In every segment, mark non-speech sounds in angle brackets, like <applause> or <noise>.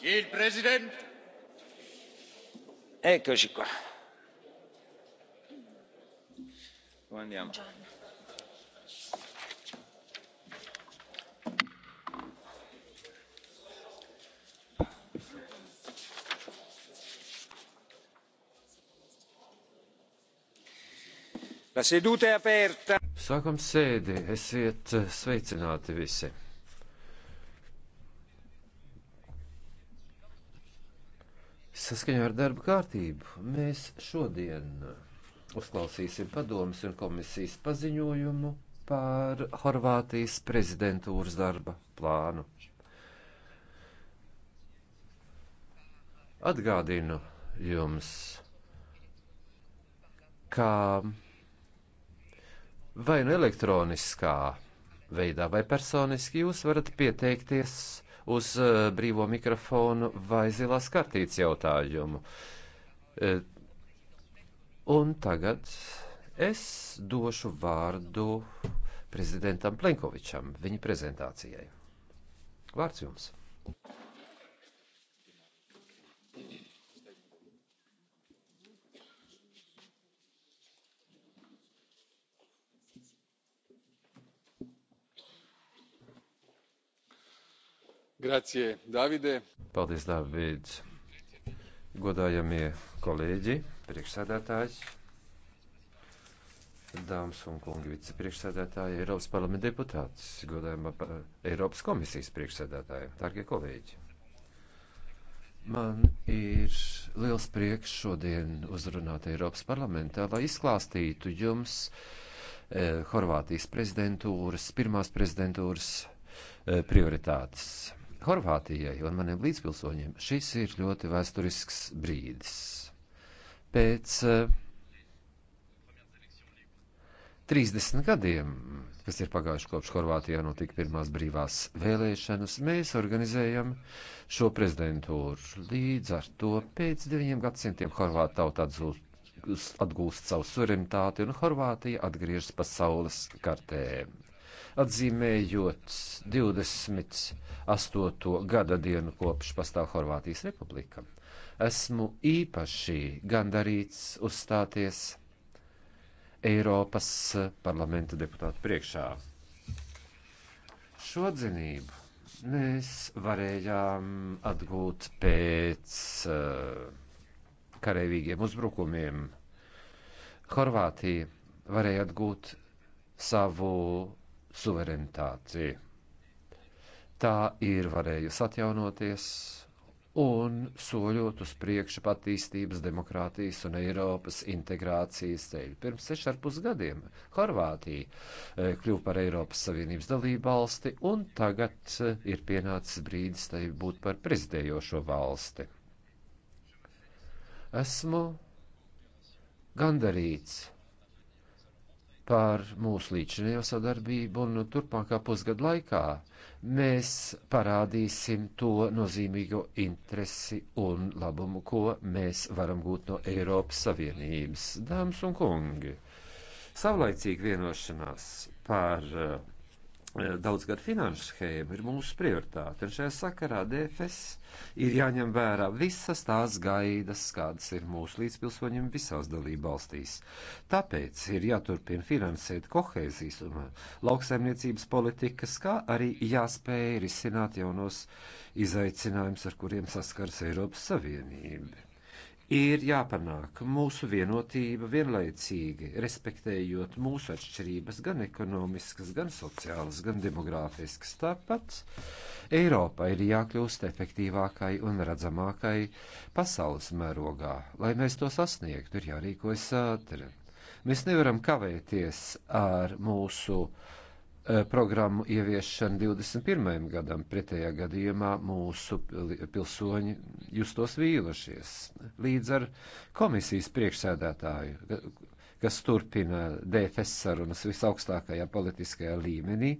il presidente eccoci qua come andiamo la seduta è aperta sākam sēdi esiet sveicināti visi Saskaņā ar darba kārtību mēs šodien uzklausīsim padomus un komisijas paziņojumu par Horvātijas prezidentūras darba plānu. Atgādinu jums, ka vai nu elektroniskā veidā, vai personiski jūs varat pieteikties uz eh, brīvo mikrofonu vai zilās kartītes jautājumu. Eh, un tagad es došu vārdu prezidentam Plenkovičam viņa prezentācijai. Vārds jums! Grazie, Davide. Paldies, Davids. Godājamie kolēģi, priekšsēdētājs, dāmas un kungi vicepriekšsēdētāji, Eiropas parlamenta deputāts, godājumā Eiropas komisijas priekšsēdētāji, dārgie kolēģi. Man ir liels prieks šodien uzrunāt Eiropas parlamentā, lai izklāstītu jums eh, Horvātijas prezidentūras, pirmās prezidentūras eh, prioritātes. Horvātijai un maniem līdzpilsoņiem šis ir ļoti vēsturisks brīdis. Pēc 30 eh, gadiem, kas ir pagājuši kopš Horvātijā notika pirmās brīvās vēlēšanas, mēs organizējam šo prezidentūru. Līdz ar to pēc diviem gadsimtiem Horvāta tauta atzūst atgūst savu suverenitāti un Horvātija atgriežas pasaules kartē atzīmējot 28. gada dienu kopš pastāv Horvātijas republika. Esmu īpaši gandarīts uzstāties Eiropas parlamenta deputātu priekšā. Šo dzinību mēs varējām atgūt pēc uh, karavīgiem uzbrukumiem. Horvātija varēja atgūt savu suverenitāti. Tā ir varējusi atjaunoties un soļot uz priekšu attīstības, demokrātijas un Eiropas integrācijas ceļu. Pirms sešu ar pus gadiem Horvātija eh, kļuva par Eiropas Savienības dalību valsti, un tagad eh, ir pienācis brīdis tai būt par prezidējošo valsti. Esmu gandarīts par mūsu līdzinējo sadarbību, un no turpmākā pusgada laikā mēs parādīsim to nozīmīgo interesi un labumu, ko mēs varam gūt no Eiropas Savienības. Dāmas un kungi, savlaicīga vienošanās par Eh, daudzgad finanšu schēma ir mūsu prioritāte, un šajā sakarā DFS ir jāņem vērā visas tās gaidas, kādas ir mūsu līdzpilsoņiem visās dalība valstīs. Tāpēc ir jāturpina finansēt kohēzijas un eh, lauksaimniecības politikas, kā arī jāspēj risināt jaunos izaicinājumus, ar kuriem saskars Eiropas Savienība ir jāpanāk mūsu vienotība vienlaicīgi, respektējot mūsu atšķirības, gan ekonomiskas, gan sociālas, gan demogrāfiskas. Tāpat Eiropa ir jākļūst efektīvākai un redzamākai pasaules mērogā. Lai mēs to sasniegtu, ir jārīkojas ātri. Mēs nevaram kavēties ar mūsu uh, Eh, programmu ieviešanu 21. gadam. Pretējā gadījumā mūsu pilsoņi justos vīlušies. Līdz ar komisijas priekšsēdētāju, kas turpina DFS sarunas visaugstākajā politiskajā līmenī,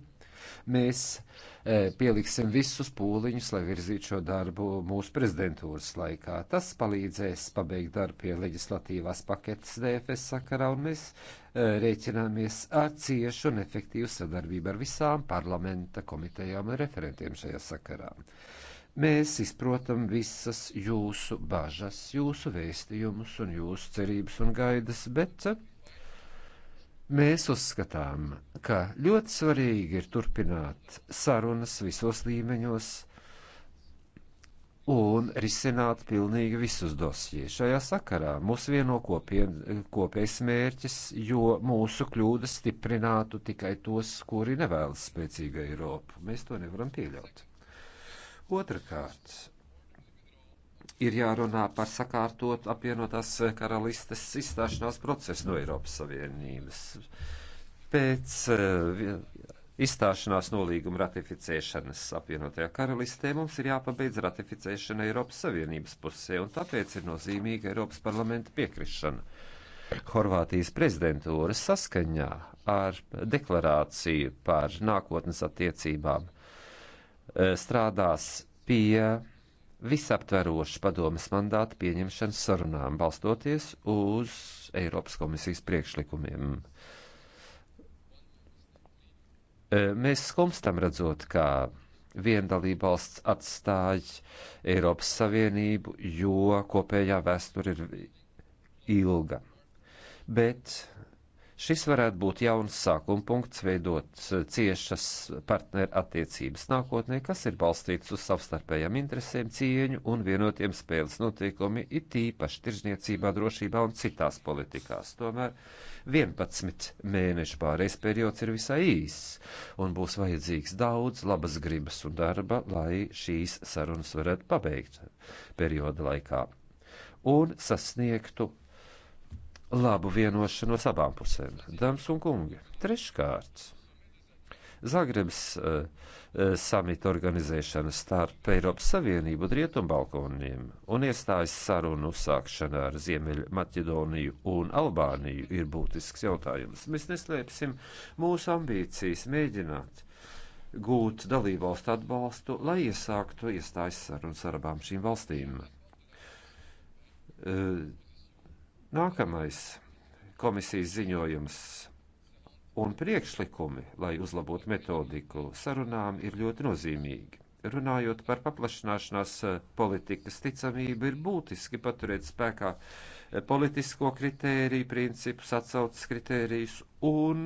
mēs eh, pieliksim visus pūliņus, lai virzītu šo darbu mūsu prezidentūras laikā. Tas palīdzēs pabeigt darbu pie leģislatīvās paketes DFS sakarā, un mēs rēķināmies ar ciešu un efektīvu sadarbību ar visām parlamenta komitejām un referentiem šajā sakarā. Mēs izprotam visas jūsu bažas, jūsu vēstījumus un jūsu cerības un gaidas, bet eh, mēs uzskatām, ka ļoti svarīgi ir turpināt sarunas visos līmeņos, uh, un risināt pilnīgi visus dosjē. Šajā sakarā mūs vieno kopien, kopējs mērķis, jo mūsu kļūdas stiprinātu tikai tos, kuri nevēlas spēcīgu Eiropu. Mēs to nevaram pieļaut. Otrakārt, ir jārunā par sakārtot apvienotās karalistes izstāšanās procesu no Eiropas Savienības. Pēc eh, izstāšanās nolīguma ratificēšanas apvienotajā karalistē mums ir jāpabeidz ratificēšana Eiropas Savienības pusē, un tāpēc ir nozīmīga Eiropas parlamenta piekrišana. Horvātijas prezidentūra saskaņā ar deklarāciju par nākotnes attiecībām e, strādās pie visaptverošas padomas mandāta pieņemšanas sarunām, balstoties uz Eiropas komisijas priekšlikumiem. Uh, Mēs skumstam redzot, kā viendalība valsts atstāja Eiropas Savienību, jo kopējā vēsture ir ilga. Bet Šis varētu būt jauns sākuma punkts veidot eh, ciešas partneru attiecības nākotnē, kas ir balstīts uz savstarpējām interesēm, cieņu un vienotiem spēles noteikumi, it īpaši tirzniecībā, drošībā un citās politikās. Tomēr 11 mēnešu pārējais periods ir visai īss, un būs vajadzīgs daudz labas gribas un darba, lai šīs sarunas varētu pabeigt perioda laikā un sasniegtu labu vienošanos abām pusēm. Dāmas un kungi, treškārt. Zagrebs uh, eh, eh, samita organizēšana starp Eiropas Savienību un Rietumbalkoniem un iestājas sarunu uzsākšana ar Ziemeļu Maķedoniju un Albāniju ir būtisks jautājums. Mēs neslēpsim mūsu ambīcijas mēģināt gūt dalībvalstu atbalstu, lai iesāktu iestājas sarunas ar abām šīm valstīm. Uh, Nākamais komisijas ziņojums un priekšlikumi, lai uzlabotu metodiku sarunām, ir ļoti nozīmīgi. Runājot par paplašināšanās eh, politikas ticamību, ir būtiski paturēt spēkā eh, politisko kritēriju, principus, atsaucas kritērijus un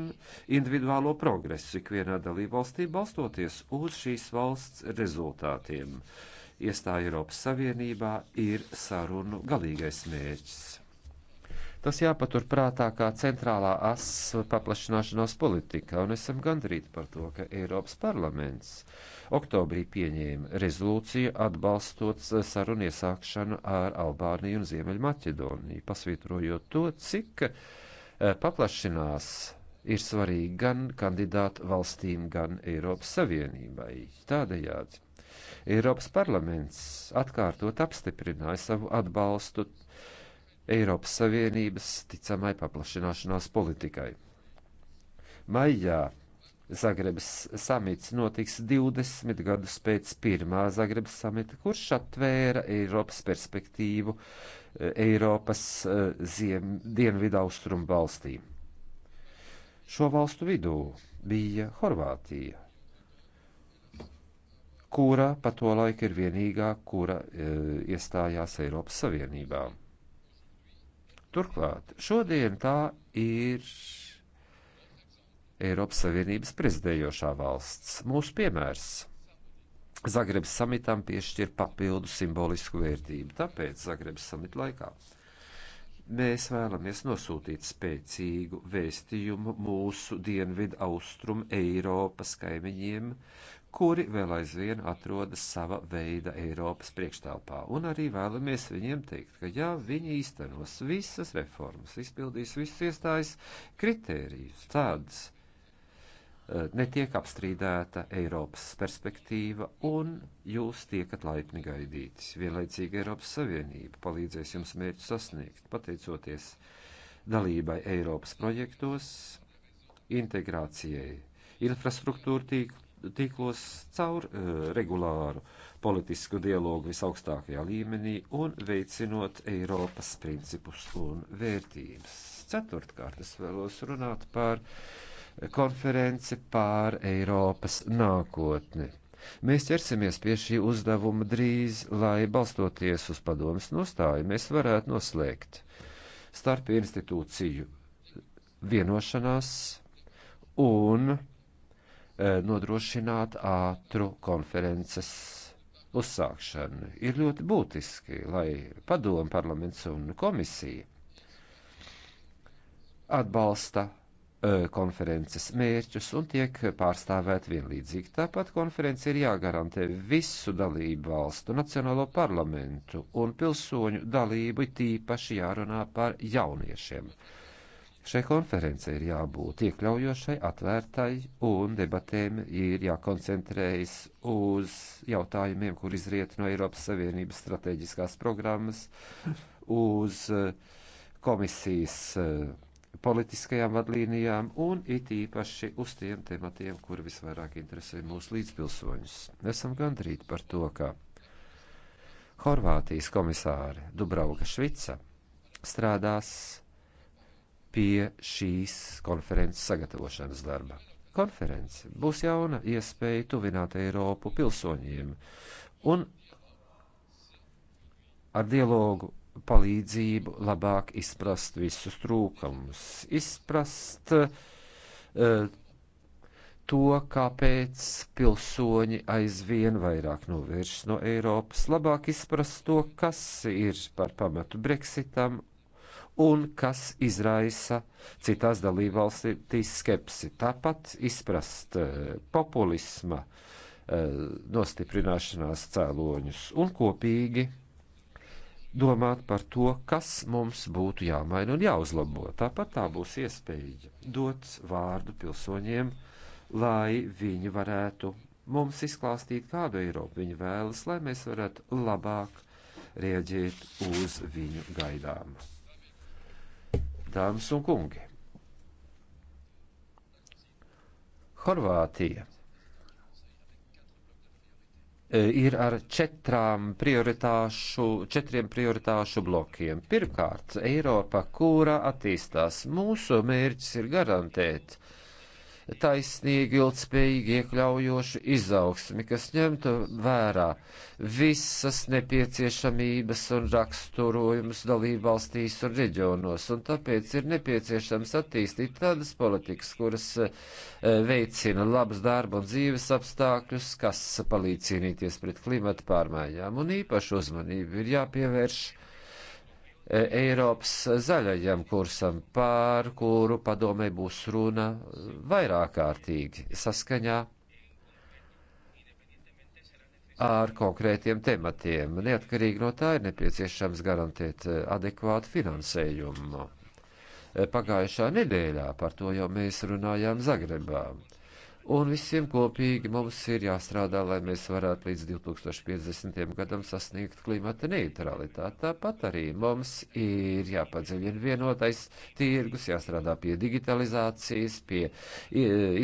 individuālo progresu ikvienā dalībvalstī balstoties uz šīs valsts rezultātiem. Iestāja Eiropas Savienībā ir sarunu galīgais mērķis. Tas jāpatur prātā kā centrālā as paplašināšanās politika, un esam gandrīz par to, ka Eiropas parlaments oktobrī pieņēma rezolūciju atbalstot sarunu iesākšanu ar Albāniju un Ziemeļmaķedoniju, pasvītrojot to, cik e, paplašinās ir svarīgi gan kandidātu valstīm, gan Eiropas Savienībai. Tādējādi Eiropas parlaments atkārtot apstiprināja savu atbalstu Eiropas Savienības ticamai paplašināšanās politikai. Maijā Zagrebas samits notiks 20 gadus pēc pirmā Zagrebas samita, kurš atvēra Eiropas perspektīvu eh, Eiropas eh, ziem, dienvidu austrumu valstīm. Šo valstu vidū bija Horvātija, kura pa to laiku ir vienīgā, kura e, iestājās Eiropas Savienībā. Turklāt šodien tā ir Eiropas Savienības prezidējošā valsts. Mūsu piemērs Zagrebas samitam piešķir papildu simbolisku vērtību, tāpēc Zagrebas samita laikā mēs vēlamies nosūtīt spēcīgu vēstījumu mūsu dienvidu austrumu Eiropas kaimiņiem, kuri vēl aizvien atrodas sava veida Eiropas priekštelpā, un arī vēlamies viņiem teikt, ka ja viņi īstenos visas reformas, izpildīs visus iestājas kritērijus, tādas eh, netiek apstrīdēta Eiropas perspektīva, un jūs tiekat laipni gaidītis. Vienlaicīgi Eiropas Savienība palīdzēs jums mērķu sasniegt, pateicoties dalībai Eiropas projektos, integrācijai, infrastruktūra tīklu tīklos caur eh, regulāru politisku dialogu visaugstākajā līmenī un veicinot Eiropas principus un vērtības. Ceturtkārt, es vēlos runāt par konferenci pār Eiropas nākotni. Mēs ķersimies pie šī uzdevuma drīz, lai balstoties uz padomas nostāju, mēs varētu noslēgt starp institūciju vienošanās un E, nodrošināt ātru konferences uzsākšanu. Ir ļoti būtiski, lai padomu parlaments un komisija atbalsta e, konferences mērķus un tiek pārstāvēt vienlīdzīgi. Tāpat konference ir jāgarantē visu dalību valstu, nacionālo parlamentu un pilsoņu dalību, tīpaši jārunā par jauniešiem. Uh, Šai konferencei ir jābūt iekļaujošai, atvērtai, un debatēm ir jākoncentrējas uz jautājumiem, kur izriet no Eiropas Savienības strateģiskās programmas, uz eh, komisijas eh, politiskajām vadlīnijām un it īpaši uz tiem tematiem, kur visvairāk interesē mūsu līdzpilsoņus. Esam gandrīt par to, ka Horvātijas komisāre Dubrauga Švica strādās pie šīs konferences sagatavošanas darba. Konference būs jauna iespēja tuvināt Eiropu pilsoņiem un ar dialogu palīdzību labāk izprast visus trūkumus, izprast uh, to, kāpēc pilsoņi aizvien vairāk novēršas no Eiropas, labāk izprast to, kas ir par pamatu Brexitam un kas izraisa citās dalībvalstīs skepsi. Tāpat izprast eh, populisma eh, nostiprināšanās cēloņus un kopīgi domāt par to, kas mums būtu jāmaina un jāuzlabo. Tāpat tā būs iespēja dot vārdu pilsoņiem, lai viņi varētu mums izklāstīt, kādu Eiropu viņi vēlas, lai mēs varētu labāk rieģēt uz viņu gaidām dāmas un kungi. Horvātija e, ir ar četrām prioritāšu, četriem prioritāšu blokiem. Pirmkārt, Eiropa, kura attīstās. Mūsu mērķis ir garantēt taisnīgi, ilgspējīgi iekļaujošu izaugsmi, kas ņemtu vērā visas nepieciešamības un raksturojumus dalībvalstīs un reģionos, un tāpēc ir nepieciešams attīstīt tādas politikas, kuras eh, veicina labus darba un dzīves apstākļus, kas palīdz cīnīties pret klimata pārmaiņām, un īpašu uzmanību ir jāpievērš Eiropas zaļajam kursam, pār kuru padomē būs runa vairāk kārtīgi saskaņā ar konkrētiem tematiem. Neatkarīgi no tā ir nepieciešams garantēt eh, adekvātu finansējumu. Pagājušā nedēļā par to jau mēs runājām Zagrebā. Un visiem kopīgi mums ir jāstrādā, lai mēs varētu līdz 2050. gadam sasniegt klimata neutralitāti. Tāpat arī mums ir jāpadziļina vienotais tirgus, jāstrādā pie digitalizācijas, pie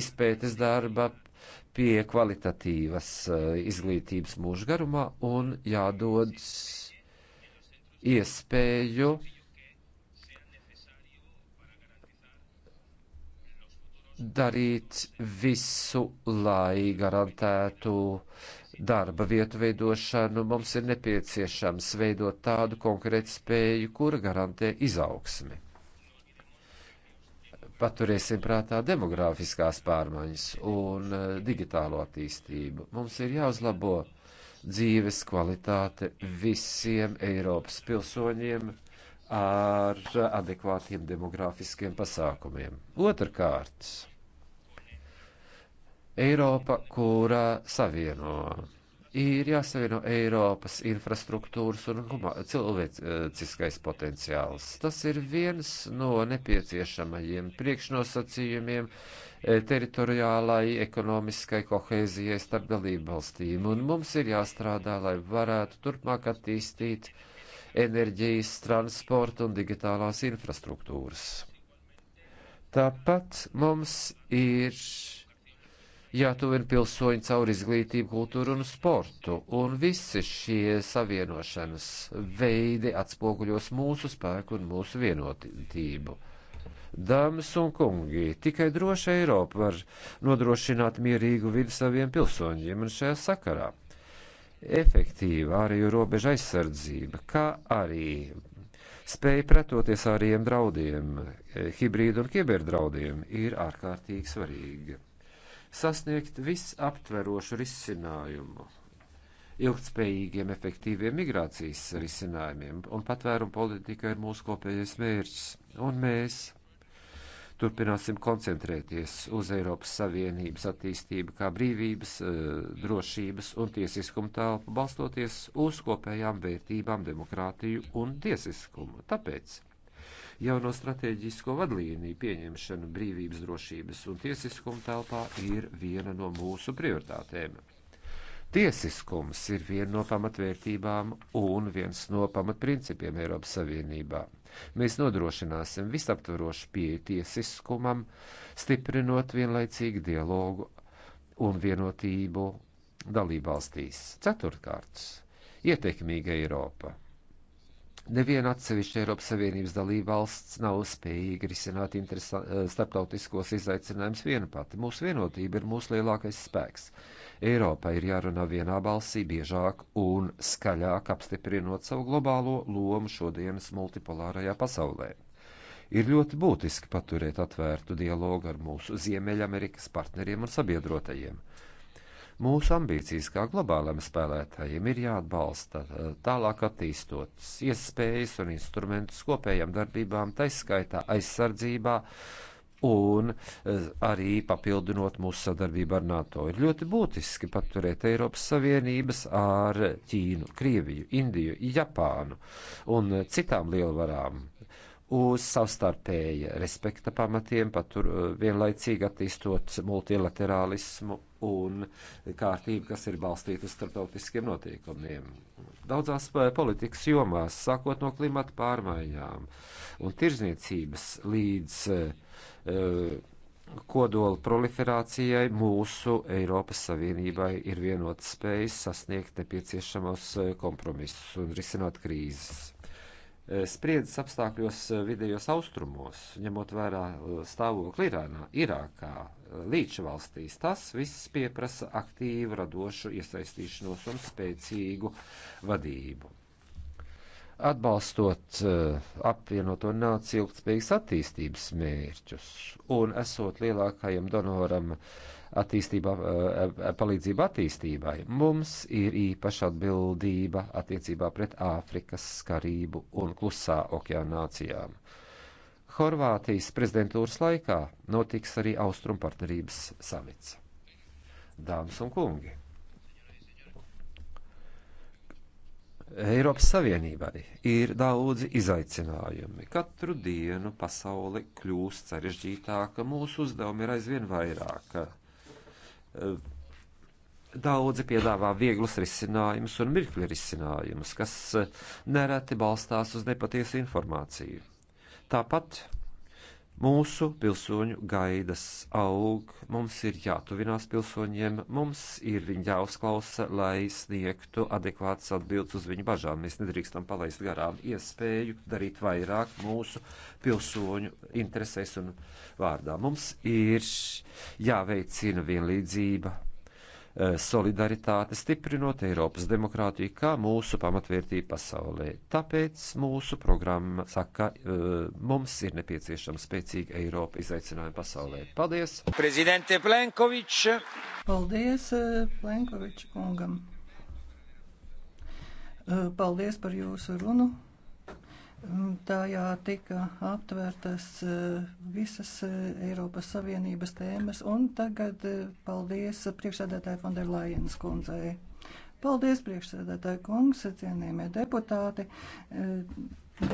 izpētes darba, pie kvalitatīvas e, izglītības mūžgarumā un jādod iespēju darīt visu, lai garantētu darba vietu veidošanu. Mums ir nepieciešams veidot tādu konkrētu spēju, kura garantē izaugsmi. Paturēsim prātā demogrāfiskās pārmaiņas un eh, digitālo attīstību. Mums ir jāuzlabo dzīves kvalitāte visiem Eiropas pilsoņiem ar adekvātiem demogrāfiskiem pasākumiem. Otrkārt, Eiropa, kurā savieno, ir jāsavieno Eiropas infrastruktūras un cilvēciskais potenciāls. Tas ir viens no nepieciešamajiem priekšnosacījumiem e, teritoriālai, ekonomiskai kohēzijai starp dalību valstīm, un mums ir jāstrādā, lai varētu turpmāk attīstīt uh, enerģijas, transporta un digitālās infrastruktūras. Tāpat mums ir jātuvina pilsoņi caur izglītību, kultūru un sportu, un visi šie savienošanas veidi atspoguļos mūsu spēku un mūsu vienotību. Dāmas un kungi, tikai droša Eiropa var nodrošināt mierīgu vidi saviem pilsoņiem un šajā sakarā efektīva ārējo robežu aizsardzība, kā arī spēja pretoties ārējiem draudiem, hibrīdu un kiberdraudiem, ir ārkārtīgi svarīga. Sasniegt visaptverošu risinājumu, ilgtspējīgiem, efektīviem migrācijas risinājumiem un patvērumu politika ir mūsu kopējais mērķis, un mēs Turpināsim koncentrēties uz Eiropas Savienības attīstību kā brīvības, eh, drošības un tiesiskuma telpu, balstoties uz kopējām vērtībām, demokrātiju un tiesiskumu. Tāpēc jauno stratēģisko vadlīniju pieņemšana brīvības, drošības un tiesiskuma telpā ir viena no mūsu prioritātēm. Tiesiskums ir viena no pamatvērtībām un viens no pamatprincipiem Eiropas Savienībā. Mēs nodrošināsim visaptvarošu pieeju tiesiskumam, stiprinot vienlaicīgi dialogu un vienotību dalībvalstīs. Ceturtkārts - ietekmīga Eiropa. Neviena atsevišķa Eiropas Savienības dalībvalsts nav spējīga risināt starptautiskos izaicinājumus viena pati. Mūsu vienotība ir mūsu lielākais spēks. Eiropa ir jārunā vienā balsī biežāk un skaļāk apstiprinot savu globālo lomu šodienas multipolārajā pasaulē. Ir ļoti būtiski paturēt atvērtu dialogu ar mūsu Ziemeļamerikas partneriem un sabiedrotajiem. Mūsu ambīcijas kā globālam spēlētājiem ir jāatbalsta, eh, tālāk attīstot iespējas un instrumentus kopējām darbībām, taiskaitā aizsardzībā, uh, un eh, arī papildinot mūsu sadarbību ar NATO. Ir ļoti būtiski paturēt Eiropas Savienības ar Ķīnu, Krieviju, Indiju, Japānu un citām lielvarām uz savstarpēja respekta pamatiem, patur eh, vienlaicīgi attīstot multilaterālismu un kārtību, kas ir balstīta uz starptautiskiem notiekumiem. Daudzās eh, politikas jomās, sākot no klimata pārmaiņām un tirzniecības līdz uh, Eh, kodola proliferācijai mūsu Eiropas Savienībai ir vienotas spējas sasniegt nepieciešamos eh, kompromisus un risināt krīzes. Eh, spriedzes apstākļos vidējos austrumos, ņemot vērā stāvokli Irānā, Irākā, līča valstīs, tas viss pieprasa aktīvu, radošu iesaistīšanos un spēcīgu vadību atbalstot uh, apvienoto nāciju ilgtspējīgas attīstības mērķus un esot lielākajam donoram attīstībā, uh, eh, palīdzība attīstībai, mums ir īpaša atbildība attiecībā pret Āfrikas skarību un klusā okeāna nācijām. Horvātijas prezidentūras laikā notiks arī Austrum partnerības samits. Dāmas un kungi! Eiropas Savienībai ir daudzi izaicinājumi. Katru dienu pasauli kļūst sarežģītāka, mūsu uzdevumi ir aizvien vairāk. Eh, daudzi piedāvā vieglus risinājumus un mirkļu risinājumus, kas nereti balstās uz nepatiesu informāciju. Tāpat Mūsu pilsoņu gaidas aug, mums ir jātuvinās pilsoņiem, mums ir viņi jāuzklausa, lai sniegtu adekvātas atbildes uz viņu bažām. Mēs nedrīkstam palaist garām iespēju darīt vairāk mūsu pilsoņu interesēs un vārdā. Mums ir jāveicina vienlīdzība Eh, solidaritāte, stiprinot Eiropas demokrātiju kā mūsu pamatvērtību pasaulē. Tāpēc mūsu programma saka, eh, mums ir nepieciešama spēcīga Eiropa izaicinājuma pasaulē. Paldies! Prezidente Plenkovič! Paldies eh, Plenkovič kungam! Paldies par jūsu runu! Tajā tika aptvērtas eh, visas eh, Eiropas Savienības tēmas, un tagad eh, paldies priekšsēdētāji Fonderlajenas kundzei. Paldies, priekšsēdētāji kungs, cienījamie deputāti.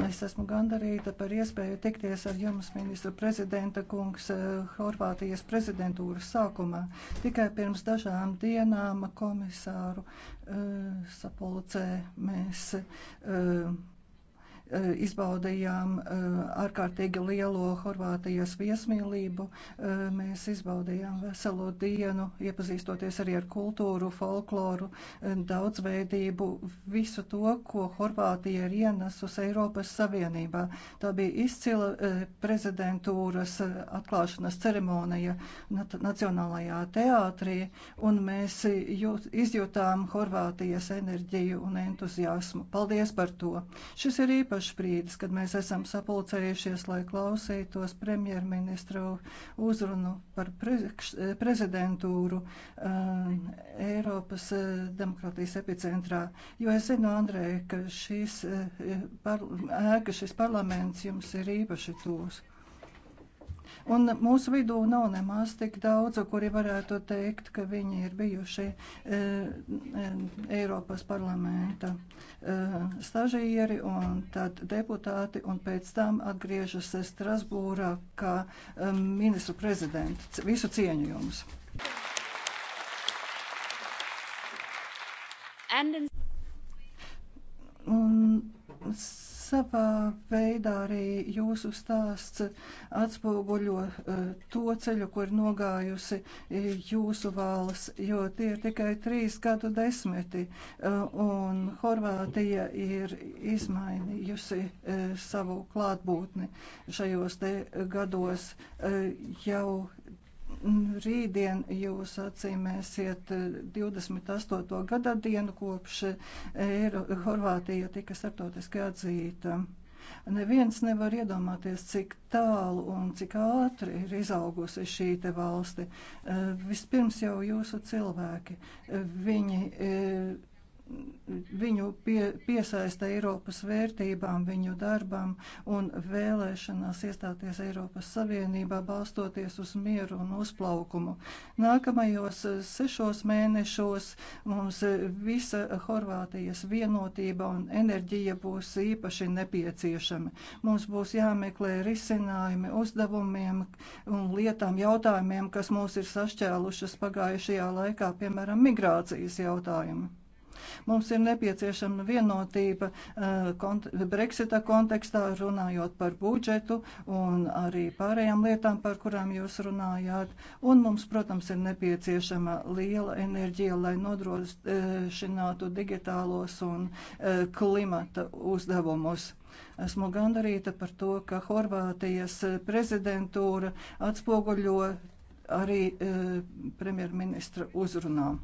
Es esmu gandarīta par iespēju tikties ar jums, ministra prezidenta kungs, Horvātijas prezidentūras sākumā. Tikai pirms dažām dienām komisāru uh, sapulcē mēs uh, Eh, izbaudījām eh, ārkārtīgi lielo Horvātijas viesmīlību. Eh, mēs izbaudījām veselu dienu, iepazīstoties arī ar kultūru, folkloru, daudzveidību, visu to, ko Horvātija ir ienesusi Eiropas Savienībā. Tā bija izcila prezidentūras atklāšanas ceremonija Nacionālajā teātrī, un mēs jūt, izjūtām Horvātijas enerģiju un entuziasmu. Paldies par to! Šis ir īpašs īpašs brīdis, kad mēs esam sapulcējušies, lai klausītos premjerministru uzrunu par prezidentūru uh, Eiropas uh, demokrātijas epicentrā. Jo es zinu, Andrei, ka šīs, uh, par, ēka, šis parlaments jums ir īpaši tūs. Un mūsu vidū nav nemaz tik daudz, kuri varētu teikt, ka viņi ir bijuši e, e, Eiropas parlamenta e, stažieri un tad deputāti un pēc tam atgriežas Strasbūrā kā ministru prezidents. Visu cieņu jums! And in... Un Savā veidā arī jūsu stāsts atspoguļo e, to ceļu, kur nogājusi e, jūsu valsts, jo tie ir tikai trīs gadu desmiti, e, un Horvātija ir izmainījusi savu klātbūtni šajos te gados jau Rītdien jūs atzīmēsiet 28. gada dienu kopš eh, Eiro, Horvātija tika starptautiski atzīta. Neviens nevar iedomāties, cik tālu un cik ātri ir izaugusi šī te valsti. Eh, vispirms jau jūsu cilvēki. Eh, viņi viņu pie, piesaista Eiropas vērtībām, viņu darbam un vēlēšanās iestāties Eiropas Savienībā, balstoties uz mieru un uzplaukumu. Nākamajos sešos mēnešos mums visa Horvātijas vienotība un enerģija būs īpaši nepieciešama. Mums būs jāmeklē risinājumi uzdevumiem un lietām, jautājumiem, kas mūs ir sašķēlušas pagājušajā laikā, piemēram, migrācijas jautājumi. Mums ir nepieciešama vienotība eh, kont Brexita kontekstā, runājot par budžetu un arī pārējām lietām, par kurām jūs runājāt. Un mums, protams, ir nepieciešama liela enerģija, lai nodrošinātu digitālos un eh, klimata uzdevumus. Esmu gandarīta par to, ka Horvātijas prezidentūra atspoguļo arī e, premjerministra uzrunām.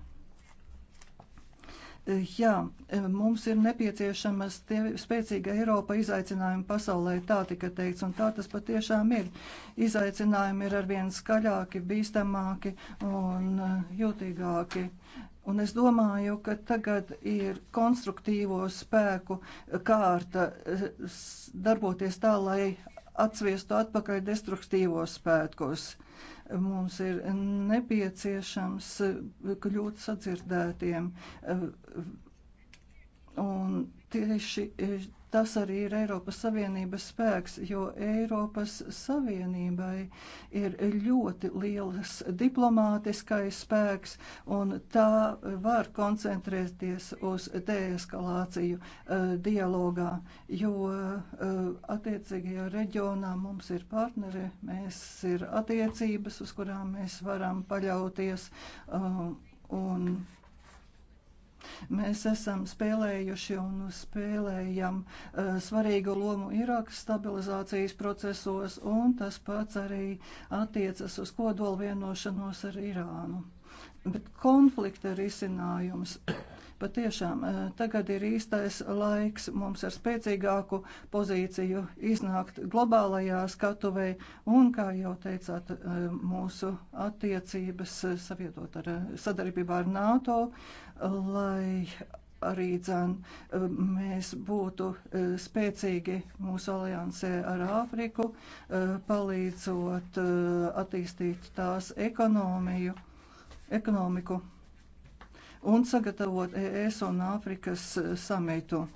Jā, mums ir nepieciešama spēcīga Eiropa izaicinājuma pasaulē, tā tika teikts, un tā tas patiešām ir. Izaicinājumi ir arvien skaļāki, bīstamāki un uh, jūtīgāki. Un es domāju, ka tagad ir konstruktīvo spēku kārta uh, darboties tā, lai atsviestu atpakaļ destruktīvos spēkus. Uh, Mums ir nepieciešams kļūt sadzirdētiem. Un tieši Tas arī ir Eiropas Savienības spēks, jo Eiropas Savienībai ir ļoti liels diplomātiskais spēks, un tā var koncentrēties uz deeskalāciju eh, dialogā, jo eh, attiecīgajā reģionā mums ir partneri, mēs ir attiecības, uz kurām mēs varam paļauties. Eh, un Mēs esam spēlējuši un spēlējam eh, svarīgu lomu Irākas stabilizācijas procesos, un tas pats arī attiecas uz kodolvienošanos ar Irānu. Bet konflikta risinājums Patiešām eh, tagad ir īstais laiks mums ar spēcīgāku pozīciju iznākt globālajā skatuvē un, kā jau teicāt, eh, mūsu attiecības savietot ar eh, sadarbībā ar NATO, lai arī dzēn, mēs būtu spēcīgi mūsu aliansē ar Āfriku, palīdzot attīstīt tās ekonomiju, ekonomiku un sagatavot ES un Āfrikas e, samitu.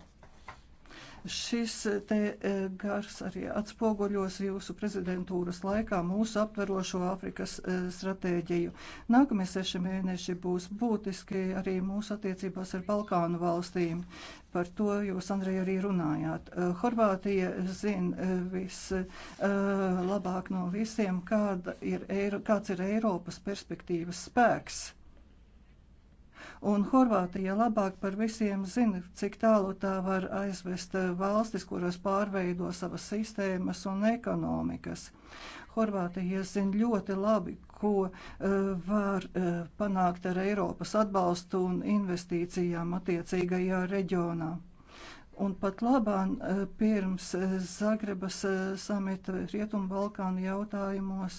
Šis e, te e, gars arī atspoguļos jūsu prezidentūras laikā mūsu aptverošo Āfrikas stratēģiju. Nākamie seši mēneši būs būtiski arī mūsu attiecībās ar Balkānu valstīm. Par to jūs, Andrej, arī runājāt. Horvātija zina vislabāk no visiem, kāda ir, kāds ir Eiropas perspektīvas spēks. Un Horvātija labāk par visiem zina, cik tālu tā var aizvest valstis, kuras pārveido savas sistēmas un ekonomikas. Horvātija zina ļoti labi, ko uh, var uh, panākt ar Eiropas atbalstu un investīcijām attiecīgajā reģionā. Un pat labāk eh, pirms Zagrebas samita Rietumbalkānu jautājumos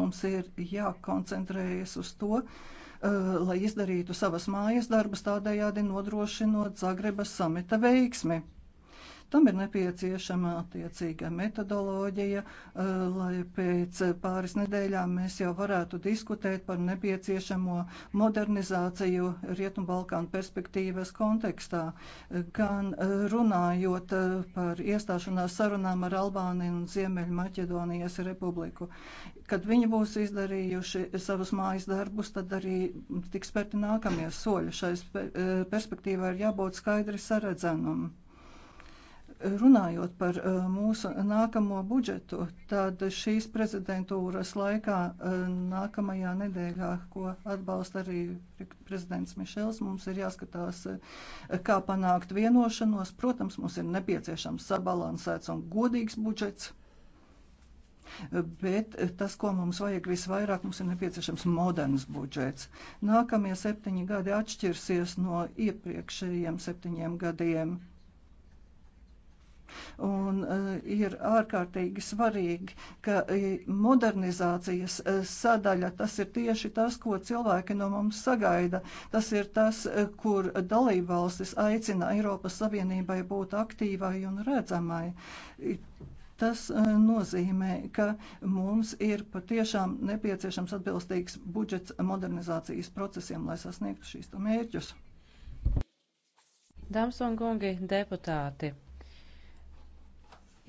mums ir jākoncentrējas uz to, uh, Eh, lai izdarītu savas mājas darbus, tādējādi nodrošinot Zagrebas samita veiksmi. Tam ir nepieciešama attiecīga metodoloģija, eh, lai pēc pāris nedēļām mēs jau varētu diskutēt par nepieciešamo modernizāciju Rietumbalkānu perspektīvas kontekstā, gan eh, runājot eh, par iestāšanās sarunām ar Albāniju un Ziemeļu Maķedonijas republiku. Kad viņi būs izdarījuši savus mājas darbus, tad arī tiks spērti nākamie soļi. Šai perspektīvai ir jābūt skaidri saredzamam. Runājot par eh, mūsu nākamo budžetu, tad šīs prezidentūras laikā eh, nākamajā nedēļā, ko atbalsta arī prezidents Mišels, mums ir jāskatās, eh, kā panākt vienošanos. Protams, mums ir nepieciešams sabalansēts un godīgs budžets. Bet tas, ko mums vajag visvairāk, mums ir nepieciešams moderns budžets. Nākamie septiņi gadi atšķirsies no iepriekšējiem septiņiem gadiem. Un eh, ir ārkārtīgi svarīgi, ka eh, modernizācijas eh, sadaļa tas ir tieši tas, ko cilvēki no mums sagaida. Tas ir tas, kur dalībvalstis aicina Eiropas Savienībai būt aktīvai un redzamai. Tas nozīmē, ka mums ir patiešām nepieciešams atbilstīgs budžets modernizācijas procesiem, lai sasniegtu šīs mērķus. Dāmas un kungi, deputāti!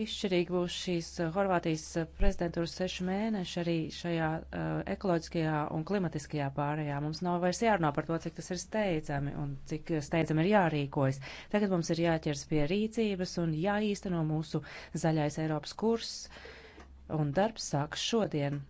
Izšķirīgi būs šīs eh, Horvātijas eh, prezidentūras sešu mēneši arī šajā uh, ekoloģiskajā un klimatiskajā pārējā. Mums nav vairs jārunā par to, cik tas ir steidzami un cik steidzami ir jārīkojas. Tagad mums ir jāķers pie rīcības un jāīsteno mūsu zaļais Eiropas kurs, un darbs sāks šodien.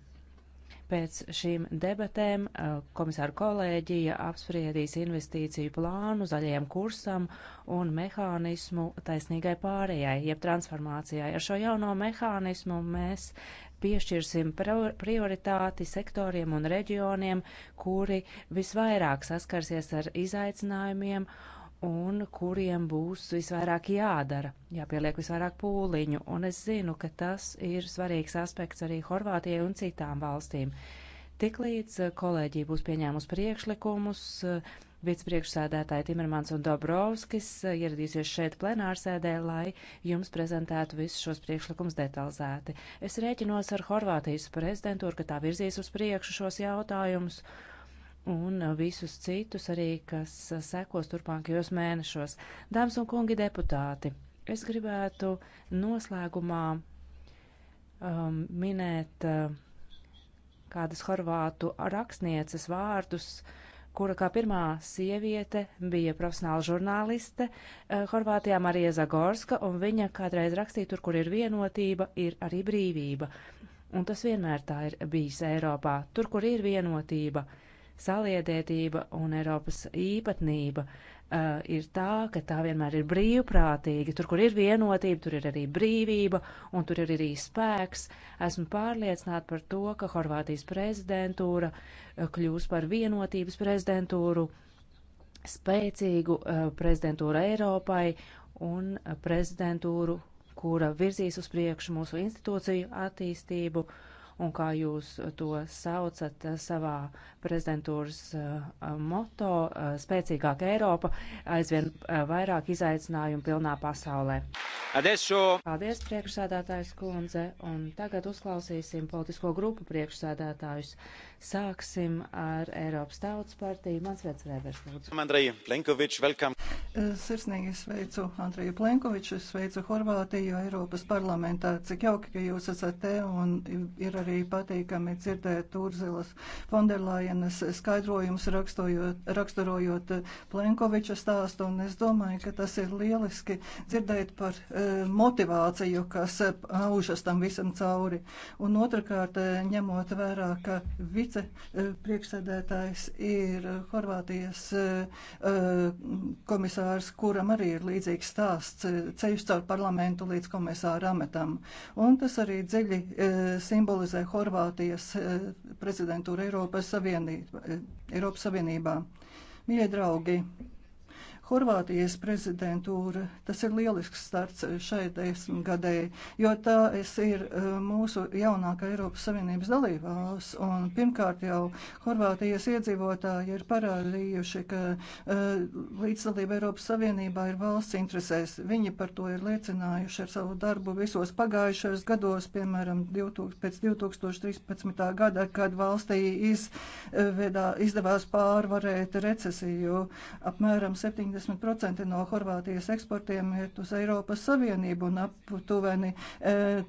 Pēc šīm debatēm eh, komisāra kolēģija apspriedīs investīciju plānu zaļajam kursam un mehānismu taisnīgai pārējai, jeb transformācijai. Ar šo jauno mehānismu mēs piešķirsim prioritāti sektoriem un reģioniem, kuri visvairāk saskarsies ar izaicinājumiem un kuriem būs visvairāk jādara, jāpieliek visvairāk pūliņu, un es zinu, ka tas ir svarīgs aspekts arī Horvātijai un citām valstīm. Tiklīdz eh, kolēģija būs pieņēmusi priekšlikumus, eh, vicepriekšsēdētāji Timermans un Dobrovskis eh, ieradīsies šeit plenārsēdē, lai jums prezentētu visus šos priekšlikumus detalizēti. Es rēķinos ar Horvātijas prezidentūru, ka tā virzīs uz priekšu šos jautājumus un visus citus arī, kas sekos turpmākajos mēnešos. Dāmas un kungi deputāti, es gribētu noslēgumā um, minēt uh, kādas horvātu rakstnieces vārdus, kura kā pirmā sieviete bija profesionāla žurnāliste uh, Horvātijā Marija Zagorska, un viņa kādreiz rakstīja, tur, kur ir vienotība, ir arī brīvība. Un tas vienmēr tā ir bijis Eiropā. Tur, kur ir vienotība, uh, saliedētība un Eiropas īpatnība uh, ir tā, ka tā vienmēr ir brīvprātīga. Tur, kur ir vienotība, tur ir arī brīvība un tur ir arī spēks. Esmu pārliecināta par to, ka Horvātijas prezidentūra eh, kļūs par vienotības prezidentūru, spēcīgu uh, prezidentūru Eiropai un prezidentūru, kura virzīs uz priekšu mūsu institūciju attīstību. Uh, un kā jūs to saucat savā prezidentūras eh, moto eh, - spēcīgāk Eiropa, aizvien eh, vairāk izaicinājumu pilnā pasaulē. Adesso. Paldies, priekšsēdētājs kundze, un tagad uzklausīsim politisko grupu priekšsēdētājus. Sāksim ar Eiropas Tautas partiju. Mans vārds Vēbers, lūdzu. Andreja Plenkovič, welcome. Eh, sirsnīgi sveicu Andreju Plenkoviču, sveicu Horvātiju Eiropas parlamentā. Cik jauki, ka jūs esat te un ir arī patīkami dzirdēt Urzilas Fonderlajenas skaidrojums raksturojot Plenkoviča stāstu. Un es domāju, ka tas ir lieliski dzirdēt par uh, motivāciju, kas eh, aužas tam visam cauri. Un otrkārt, ņemot vērā, ka vice vice eh, priekšsēdētājs ir eh, Horvātijas eh, komisārs, kuram arī ir līdzīgs stāsts ceļš caur parlamentu līdz komisāra ametam. Un tas arī dziļi simbolizē Horvātijas prezidentūru Eiropas Savienībā. Eiropas Savienībā. Mīļie draugi! Horvātijas prezidentūra, tas ir lielisks starts šai desmitgadēji, jo tā es ir eh, mūsu jaunākā Eiropas Savienības dalībvalsts. Un pirmkārt jau Horvātijas iedzīvotāji ir parādījuši, ka eh, līdzdalība Eiropas Savienībā ir valsts interesēs. Viņi par to ir liecinājuši ar savu darbu visos pagājušajos gados, piemēram, 2000, pēc 2013. gada, kad valstī izvedā, eh, izdevās pārvarēt recesiju apmēram 70. 40% no Horvātijas eksportiem iet uz Eiropas Savienību un aptuveni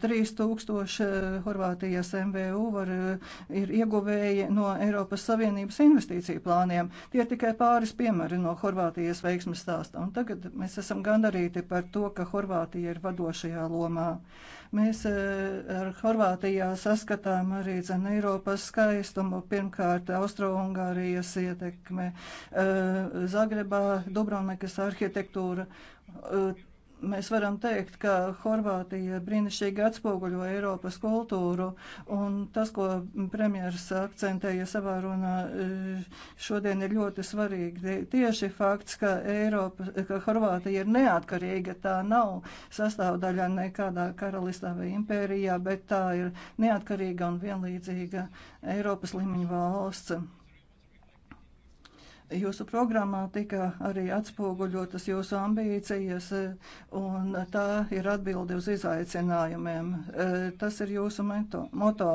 3000 e, e, Horvātijas MVU var, e, ir ieguvēji no Eiropas Savienības investīciju plāniem. Tie ir tikai pāris piemēri no Horvātijas veiksmes stāsta. Un tagad mēs esam gandarīti par to, ka Horvātija ir vadošajā lomā. Mēs eh, ar Horvātijā saskatām arī zem Eiropas skaistumu, pirmkārt Austro-Ungārijas ietekme, eh, Zagrebā Dubrovnikas arhitektūra eh, mēs varam teikt, ka Horvātija brīnišķīgi atspoguļo Eiropas kultūru, un tas, ko premjeras akcentēja savā runā, e, šodien ir ļoti svarīgi. Tieši fakts, ka, Eiropa, ka Horvātija ir neatkarīga, tā nav sastāvdaļa nekādā karalistā vai impērijā, bet tā ir neatkarīga un vienlīdzīga Eiropas līmeņa valsts. Jūsu programmā tika arī atspoguļotas jūsu ambīcijas, eh, un tā ir atbilde uz izaicinājumiem. Eh, tas ir jūsu meto, moto.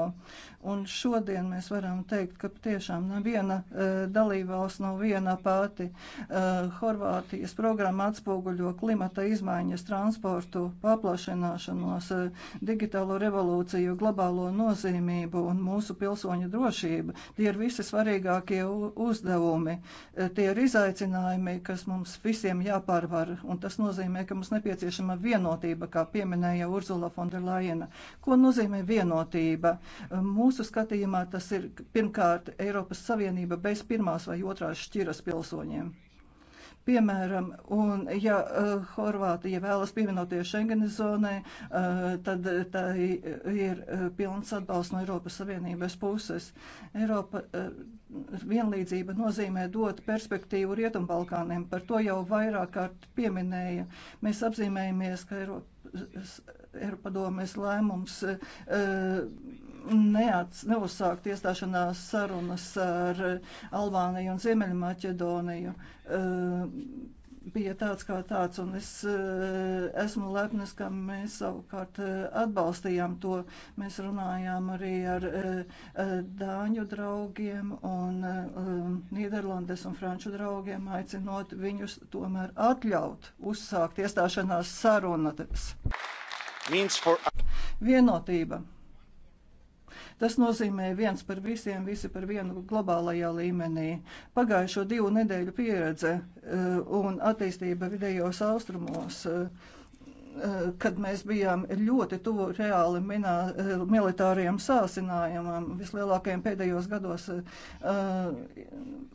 Un šodien mēs varam teikt, ka tiešām neviena e, dalībvalsts nav viena pati. E, Horvātijas programma atspoguļo klimata izmaiņas, transportu, paplašināšanos, e, digitālo revolūciju, globālo nozīmību un mūsu pilsoņu drošību. Tie ir visi svarīgākie uzdevumi. Tie ir izaicinājumi, kas mums visiem jāpārvar, un tas nozīmē, ka mums nepieciešama vienotība, kā pieminēja Urzula Fonderlaina. Ko nozīmē vienotība? Mūsu Mūsu skatījumā tas ir pirmkārt Eiropas Savienība bez pirmās vai otrās šķiras pilsoņiem. Piemēram, un ja uh, Horvātija vēlas pievienoties Schengenes zonai, uh, tad tā ir uh, pilns atbalsts no Eiropas Savienības puses. Eiropa uh, vienlīdzība nozīmē dot perspektīvu Rietumbalkāniem, par to jau vairāk kārt pieminēja. Mēs apzīmējamies, ka Eiropas, Eiropadomes lēmums. Uh, neats, neuzsākt iestāšanās sarunas ar Albāniju un Ziemeļmaķedoniju eh, bija tāds kā tāds, un es eh, esmu lepnas, ka mēs savukārt eh, atbalstījām to. Mēs runājām arī ar dāņu draugiem un Nīderlandes un franču draugiem, aicinot viņus tomēr atļaut uzsākt iestāšanās sarunas. For... Vienotība. Tas nozīmē viens par visiem, visi par vienu globālajā līmenī. Pagājušo divu nedēļu pieredze eh, un attīstība vidējos austrumos eh, eh, kad mēs bijām ļoti tuvu reāli minā, militāriem sāsinājumam, vislielākajiem pēdējos gados, uh,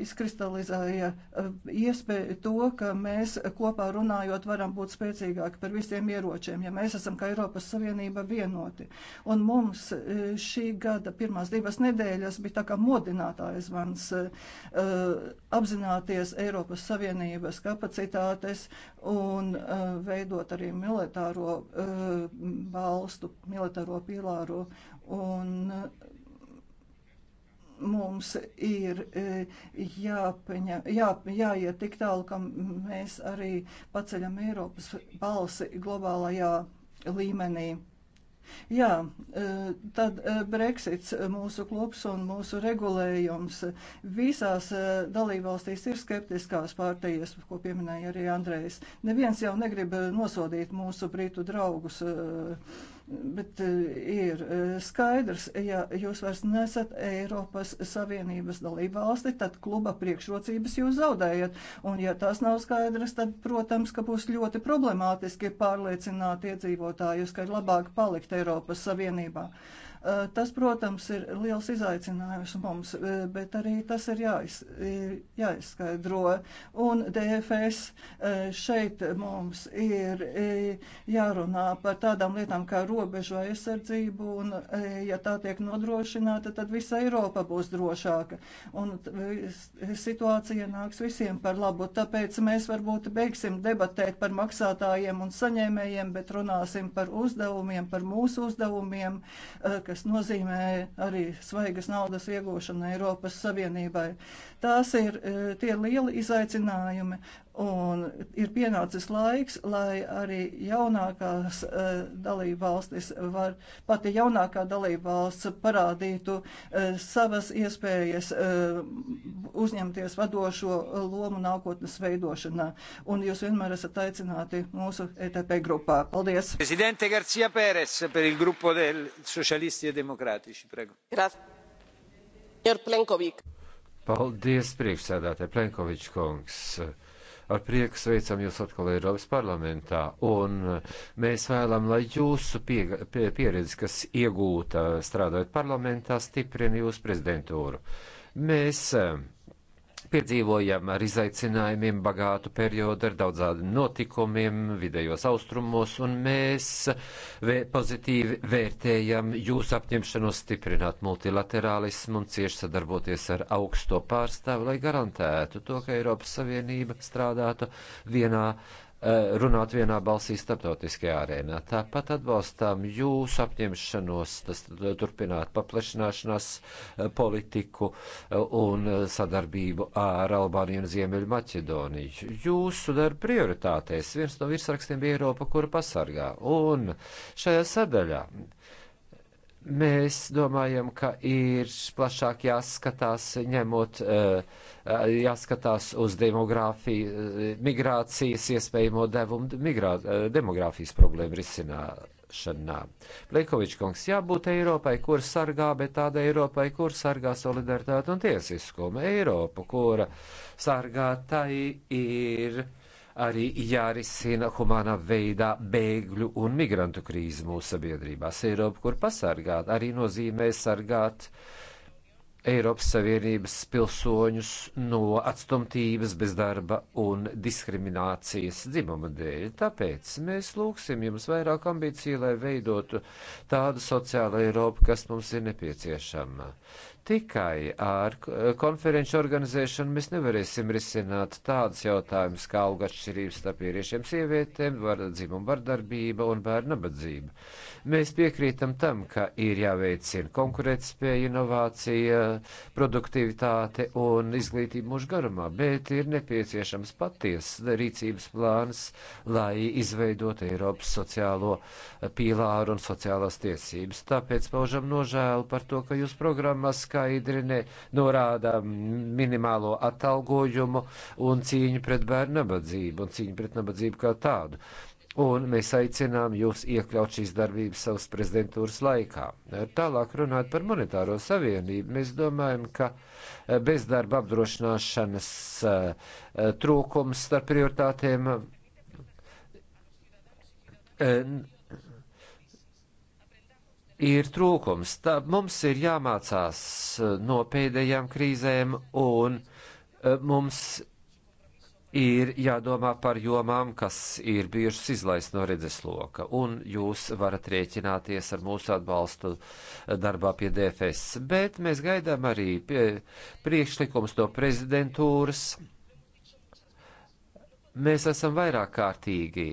izkristalizēja eh, iespēju to, ka mēs kopā runājot varam būt spēcīgāki par visiem ieročiem, ja mēs esam kā Eiropas Savienība vienoti. Un mums eh, šī gada pirmās divas nedēļas bija tā kā modinātājs vans eh, apzināties Eiropas Savienības kapacitātes un veidot arī militāro balstu, militāro pilāru. Un mums ir e, jāpaņa, jā, jāiet tik tālu, ka mēs arī paceļam Eiropas balsi globālajā līmenī. Jā, e, tad e, Brexits, mūsu klubs un mūsu regulējums visās dalībvalstīs ir skeptiskās pārtējies, ko pieminēja arī Andrejs. Neviens jau negrib nosodīt mūsu brītu draugus. Uh, Bet eh, ir eh, skaidrs, ja jūs vairs nesat Eiropas Savienības dalība valsti, tad kluba priekšrocības jūs zaudējat. Un ja tas nav skaidrs, tad, protams, ka būs ļoti problemātiski pārliecināt iedzīvotājus, ka ir labāk palikt Eiropas Savienībā. Uh, Eh, tas, protams, ir liels izaicinājums mums, eh, bet arī tas ir jāiz, jāizskaidro. Un DFS eh, šeit mums ir jārunā par tādām lietām kā robežu aizsardzību, un ja tā tiek nodrošināta, tad visa Eiropa būs drošāka. Un situācija nāks visiem par labu, tāpēc mēs varbūt beigsim debatēt par maksātājiem un saņēmējiem, bet runāsim par uzdevumiem, par mūsu uzdevumiem, kas kas nozīmē arī svaigas naudas iegūšanu Eiropas Savienībai. Tās ir e, tie lieli izaicinājumi, Un ir pienācis laiks, lai arī jaunākās uh, eh, dalība valstis var, pati jaunākā dalība valsts parādītu uh, savas iespējas uh, uzņemties vadošo lomu nākotnes veidošanā. Un jūs vienmēr esat aicināti mūsu ETP grupā. Paldies! Presidente Garcia Pérez, per il gruppo del Socialisti e Democratici, prego. Grazie. Paldies, priekšsēdētāji Plenkovičs kungs. Uh, Ar prieku sveicam jūs atkal Eiropas parlamentā, un mēs vēlam, lai jūsu pie, pie, pieredze, kas iegūta strādājot parlamentā, stiprina jūsu prezidentūru. Mēs Piedzīvojam ar izaicinājumiem bagātu periodu ar daudzādiem notikumiem vidējos austrumos, un mēs vē pozitīvi vērtējam jūsu apņemšanos stiprināt multilaterālismu un cieši sadarboties ar augsto pārstāvu, lai garantētu to, ka Eiropas Savienība strādātu vienā Eh, runāt vienā balsī starptautiskajā arēnā. Tāpat atbalstām jūsu apņemšanos tas, turpināt paplašināšanās eh, politiku eh, un sadarbību ar Albāniju un Ziemeļu Maķedoniju. Jūsu darba prioritātēs viens no virsrakstiem bija Eiropa, kura pasargā. Un šajā sadaļā Mēs domājam, ka ir plašāk jāskatās, ņemot, eh, jāskatās uz demogrāfiju, eh, migrācijas iespējamo devumu, migrā, eh, demogrāfijas problēmu risināšanā. Plekovičs kungs, jābūt Eiropai, kur sargā, bet tāda Eiropai, kur sargā solidaritāti un tiesiskumu. Eiropa, kura sargā, tai ir arī jārisina humānā veidā bēgļu un migrantu krīze mūsu sabiedrībās. Eiropa, kur pasargāt, arī nozīmē sargāt Eiropas Savienības pilsoņus no atstumtības, bezdarba un diskriminācijas dzimuma dēļ. Tāpēc mēs lūgsim jums vairāk ambīciju, lai veidotu tādu sociālu Eiropu, kas mums ir nepieciešama. Tikai ar konferenču organizēšanu mēs nevarēsim risināt tādas jautājumas kā alga atšķirības starp vīriešiem, sievietēm, dzimumu vardarbība un bērnu nabadzība. Mēs piekrītam tam, ka ir jāveicina konkurētspēja, inovācija, produktivitāte un izglītība mūžu garumā, bet ir nepieciešams patiesas rīcības plāns, lai izveidot Eiropas sociālo pīlāru un sociālās tiesības. Tāpēc paužam nožēlu par to, ka jūs programmas skaidri ne, norāda minimālo atalgojumu un cīņu pret bērnu nabadzību un cīņu pret nabadzību kā tādu. Un mēs aicinām jūs iekļaut šīs darbības savas prezidentūras laikā. Tālāk runāt par monetāro savienību. Mēs domājam, ka eh, bezdarba apdrošināšanas eh, trūkums starp prioritātēm eh, ir trūkums. Tā mums ir jāmācās eh, no pēdējām krīzēm un eh, mums ir jādomā par jomām, kas ir bijušas izlaist no redzesloka, un jūs varat rēķināties ar mūsu atbalstu eh, darbā pie DFS. Bet mēs gaidām arī priekšlikums no prezidentūras. Mēs esam vairāk kārtīgi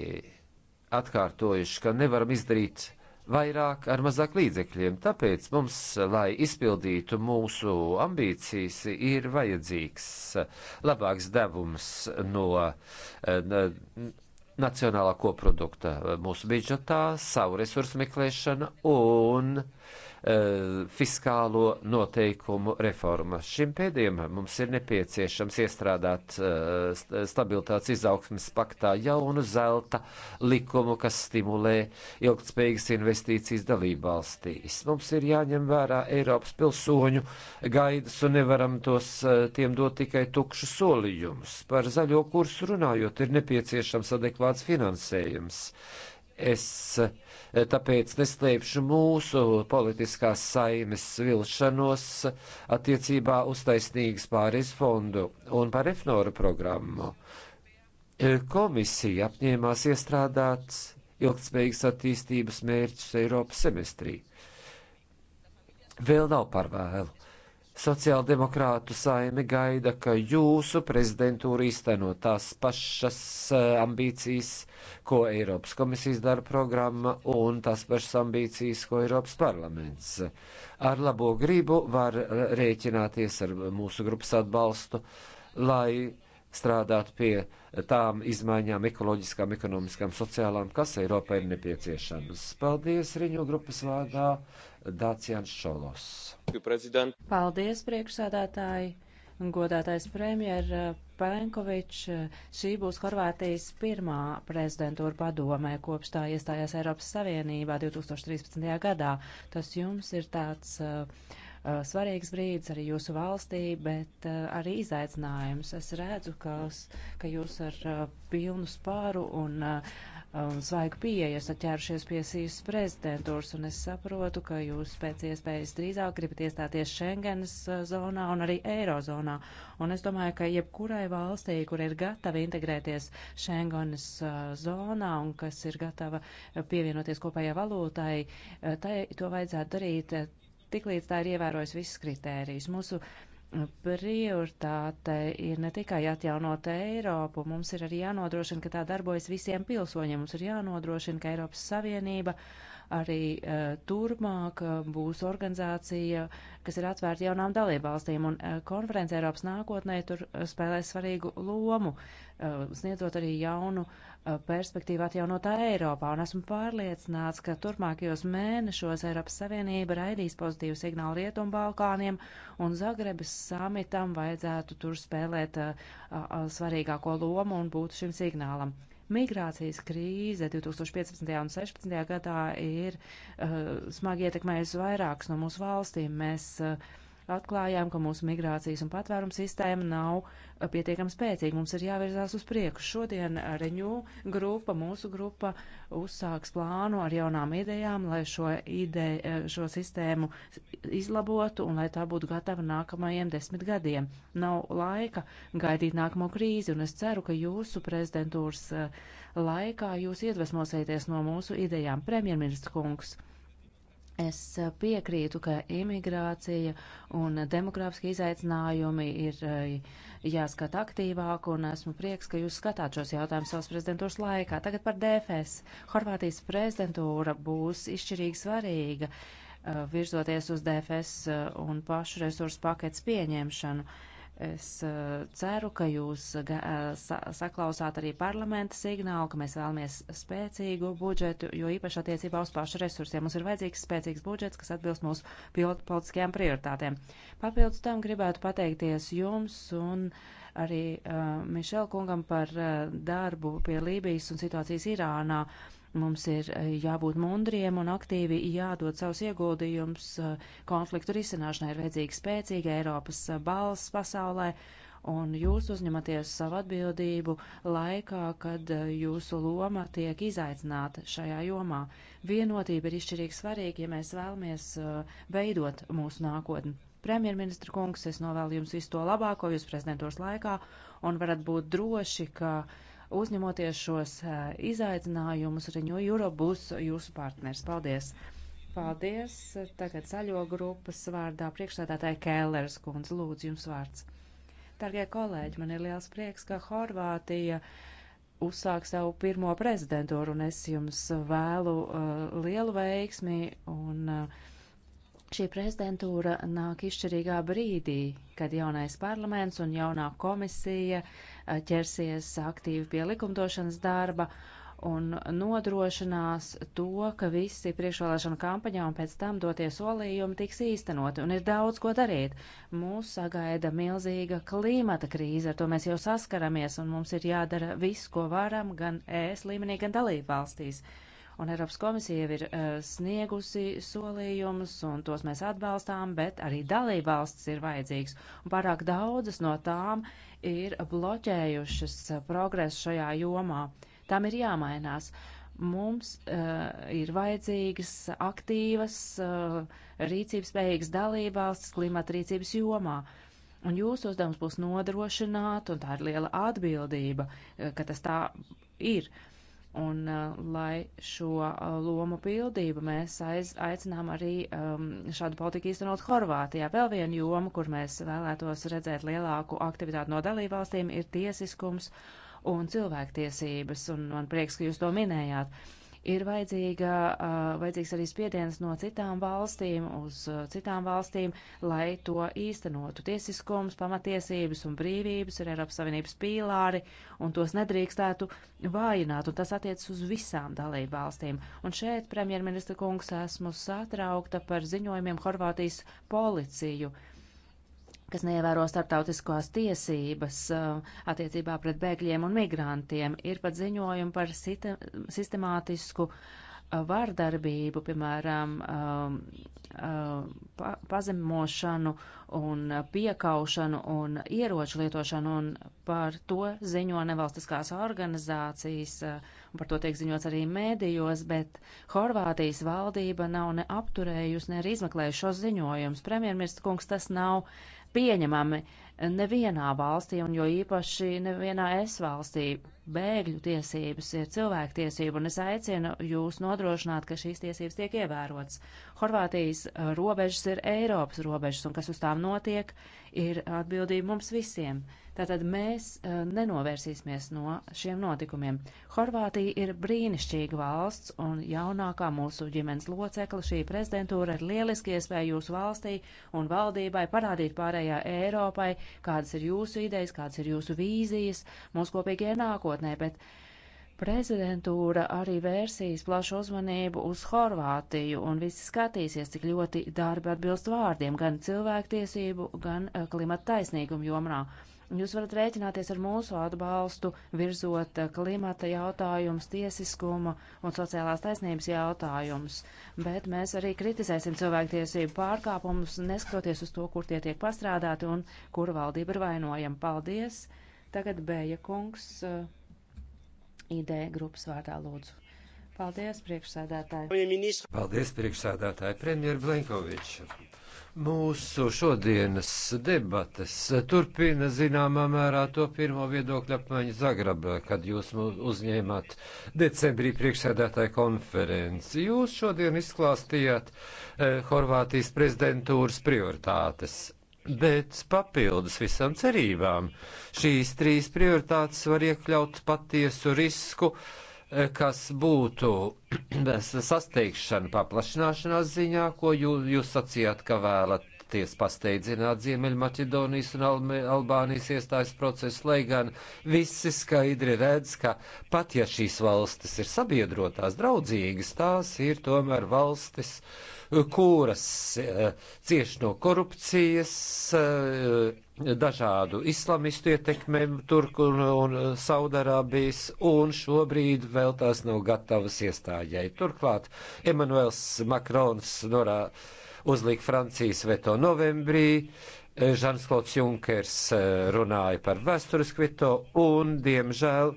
atkārtojuši, ka nevaram izdarīt uh, vairāk ar mazāk līdzekļiem. Tāpēc mums, lai izpildītu mūsu ambīcijas, ir vajadzīgs labāks devums no eh, nacionālā koprodukta eh, mūsu budžetā, savu resursu meklēšana un uh, Eh, fiskālo noteikumu reforma. Šim pēdējiem mums ir nepieciešams iestrādāt eh, stabilitātes izaugsmes paktā jaunu zelta likumu, kas stimulē ilgtspējīgas investīcijas dalībvalstīs. Mums ir jāņem vērā Eiropas pilsoņu gaidas un nevaram tos eh, tiem dot tikai tukšu solījumus. Par zaļo kursu runājot, ir nepieciešams adekvāts finansējums Es eh, tāpēc neslēpšu mūsu politiskās saimes vilšanos attiecībā uz taisnīgas pāris fondu un par EFNORA programmu. Eh, komisija apņēmās iestrādāt ilgspējīgas attīstības mērķus Eiropas semestrī. Vēl nav par vēlu Sociāldemokrātu saime gaida, ka jūsu prezidentūra īsteno tās pašas eh, ambīcijas, ko Eiropas komisijas darba programma un tās pašas ambīcijas, ko Eiropas parlaments. Ar labo gribu var eh, rēķināties ar mūsu grupas atbalstu, lai strādātu pie tām izmaiņām ekoloģiskām, ekonomiskām, sociālām, kas Eiropai ir nepieciešamas. Paldies Riņo grupas vārdā. Dācijans Šolos. Paldies, priekšsādātāji! Godātais premjer eh, Pelenkovičs, eh, šī būs Horvātijas pirmā prezidentūra padomē, kopš tā iestājās Eiropas Savienībā 2013. gadā. Tas jums ir tāds uh, svarīgs brīdis arī jūsu valstī, bet uh, arī izaicinājums. Es redzu, ka, ka jūs ar uh, pilnu spāru un uh, Um, svaigu pieeju. Esat ķērušies pie šīs prezidentūras, un es saprotu, ka jūs pēc iespējas drīzāk gribat iestāties Schengenas uh, zonā un arī Eirozonā. Un es domāju, ka jebkurai valstī, kur ir gatava integrēties Schengenas uh, zonā un kas ir gatava pievienoties kopējai valūtai, uh, tai to vajadzētu darīt tiklīdz tā ir ievērojusi visas kritērijas. Mūsu uh, prioritāte ir ne tikai atjaunot Eiropu, mums ir arī jānodrošina, ka tā darbojas visiem pilsoņiem. Mums ir jānodrošina, ka Eiropas Savienība arī uh, e, turmāk e, būs organizācija, kas ir atvērta jaunām dalībvalstīm, un uh, konference Eiropas nākotnē tur spēlēs svarīgu lomu, uh, sniedzot arī jaunu uh, perspektīvu atjaunotā Eiropā, un esmu pārliecināts, ka turpmākajos mēnešos Eiropas Savienība raidīs pozitīvu signālu Rietumbalkāniem, un Zagrebas samitam vajadzētu tur spēlēt uh, uh, svarīgāko lomu un būt šim signālam. Migrācijas krīze 2015. un 2016. gadā ir uh, smagi ietekmējusi vairākas no mūsu valstīm. Mēs uh, atklājām, ka mūsu migrācijas un patvērums sistēma nav uh, pietiekami spēcīga. Mums ir jāvirzās uz priekšu. Šodien Reņū grupa, mūsu grupa, uzsāks plānu ar jaunām idejām, lai šo, ide, uh, šo sistēmu izlabotu un lai tā būtu gatava nākamajiem desmit gadiem. Nav laika gaidīt nākamo krīzi, un es ceru, ka jūsu prezidentūras uh, laikā jūs iedvesmosieties no mūsu idejām. Premjerministrs kungs. Es piekrītu, ka imigrācija un demogrāfiski izaicinājumi ir eh, jāskat aktīvāk, un esmu prieks, ka jūs skatāt šos jautājumus savas prezidentūras laikā. Tagad par DFS. Horvātijas prezidentūra būs izšķirīgi svarīga eh, virzoties uz DFS eh, un pašu resursu paketes pieņemšanu. Uh, Es eh, ceru, ka jūs eh, eh, saklausāt arī parlamenta signālu, ka mēs vēlamies spēcīgu budžetu, jo īpaši attiecībā uz pašu resursiem mums ir vajadzīgs spēcīgs budžets, kas atbilst mūsu politiskajām prioritātēm. Papildus tam gribētu pateikties jums un arī uh, Mišel kungam par uh, darbu pie Lībijas un situācijas Irānā. Uh, Mums ir eh, jābūt mundriem un aktīvi jādod savus ieguldījums eh, konfliktu risināšanai. Ir vajadzīga spēcīga Eiropas eh, balss pasaulē, un jūs uzņematies savu atbildību laikā, kad jūsu loma tiek izaicināta šajā jomā. Vienotība ir izšķirīgi svarīga, ja mēs vēlamies veidot mūsu nākotni. Premjerministra kungs, es novēlu jums visu to labāko jūsu prezidentūras laikā, un varat būt droši, ka uh, uzņemoties šos eh, izaicinājumus, Riņo Juro būs jūsu partners. Paldies! Paldies! Tagad zaļo grupas vārdā priekšstādātāja Kēlers kundze, lūdzu jums vārds. Dargie kolēģi, man ir liels prieks, ka Horvātija uzsāk savu pirmo prezidentūru, un es jums vēlu uh, lielu veiksmi un uh, Šī prezidentūra nāk izšķirīgā brīdī, kad jaunais parlaments un jaunā komisija eh, ķersies aktīvi pie likumdošanas darba un nodrošinās to, ka visi priekšvēlēšana kampaņā un pēc tam dotie solījumi tiks īstenoti. Un ir daudz ko darīt. Mūs sagaida milzīga klimata krīze, ar to mēs jau saskaramies, un mums ir jādara viss, ko varam, gan ēs līmenī, gan dalību valstīs. Uh, Un Eiropas komisija jau ir uh, sniegusi solījumus, un tos mēs atbalstām, bet arī dalībvalstis ir vajadzīgs. Un pārāk daudzas no tām ir bloķējušas eh, progresu šajā jomā. Tam ir jāmainās. Mums uh, ir vajadzīgas aktīvas, uh, rīcības spējīgas dalībvalstis klimata rīcības jomā. Uh, Un jūsu uzdevums būs nodrošināt, un tā ir liela atbildība, ka tas tā ir. Un, uh, lai šo uh, lomu pildību mēs aiz, aicinām arī um, šādu politiku īstenot Horvātijā. Vēl viena joma, kur mēs vēlētos redzēt lielāku aktivitāti no dalībvalstīm, ir tiesiskums un cilvēktiesības. Un man prieks, ka jūs to minējāt. Ir vajadzīga, vajadzīgs arī spiediens no citām valstīm uz citām valstīm, lai to īstenotu. Tiesiskums, pamatiesības un brīvības ir Eiropas Savienības pīlāri, un tos nedrīkstētu vājināt, un tas attiecas uz visām dalību valstīm. Un šeit, premjerministra kungs, esmu satraukta par ziņojumiem Horvātijas policiju. Uh, kas neievēro starptautiskās tiesības uh, attiecībā pret bēgļiem un migrantiem. Ir pat ziņojumi par sistemātisku uh, vārdarbību, piemēram, um, uh, pazemošanu un piekaušanu un ieroču lietošanu, un par to ziņo nevalstiskās organizācijas, un par to tiek ziņots arī mēdījos, bet Horvātijas valdība nav ne apturējusi, ne arī izmeklējusi šos ziņojumus. Premjerministra kungs, tas nav pieņemami nevienā valstī, un jo īpaši nevienā es valstī bēgļu tiesības ir cilvēktiesība, un es aicinu jūs nodrošināt, ka šīs tiesības tiek ievērotas. Horvātijas uh, robežas ir Eiropas robežas, un kas uz tām notiek, ir atbildība mums visiem. Tātad mēs uh, nenovērsīsimies no šiem notikumiem. Horvātija ir brīnišķīga valsts, un jaunākā mūsu ģimenes locekla šī prezidentūra ir lieliski iespēja jūsu valstī un valdībai parādīt pārējā Eiropai, kādas ir jūsu idejas, kādas ir jūsu vīzijas, mūsu kopīgie nākotnē nākotnē, bet prezidentūra arī vērsīs plašu uzmanību uz Horvātiju un visi skatīsies, cik ļoti darbi atbilst vārdiem gan cilvēktiesību, gan eh, klimata taisnīgumu jomā. Jūs varat rēķināties ar mūsu atbalstu, virzot eh, klimata jautājumus, tiesiskuma un sociālās taisnības jautājumus, bet mēs arī kritizēsim cilvēktiesību pārkāpumus, neskatoties uz to, kur tie tiek pastrādāti un kura valdība ir vainojama. Paldies! Tagad Bēja kungs. Uh, ID grupas vārdā lūdzu. Paldies, priekšsēdētāji. Paldies, priekšsēdētāji, premjer Blenkovičs. Mūsu šodienas debates turpina zināmā mērā to pirmo viedokļu apmaiņu Zagrebā, kad jūs uzņēmāt decembrī priekšsēdētāju konferenci. Jūs šodien izklāstījāt eh, Horvātijas prezidentūras prioritātes. Bet papildus visam cerībām šīs trīs prioritātes var iekļaut patiesu risku, eh, kas būtu <clears throat> sasteigšana paplašināšanās ziņā, ko jūs, jūs sacījāt, ka vēlat ties pasteidzināt Ziemeļmaķedonijas un Alb Albānijas iestājas procesu, lai gan visi skaidri redz, ka pat ja šīs valstis ir sabiedrotās, draudzīgas, tās ir tomēr valstis, kuras eh, cieš no korupcijas, eh, dažādu islamistu ietekmēm, Turku un, un Saudarābijas, un šobrīd vēl tās nav gatavas iestājai. Turklāt Emanuels Makrons norāda, uzlika Francijas veto novembrī. Žans eh, Klods Junkers eh, runāja par vēsturisku veto un, diemžēl,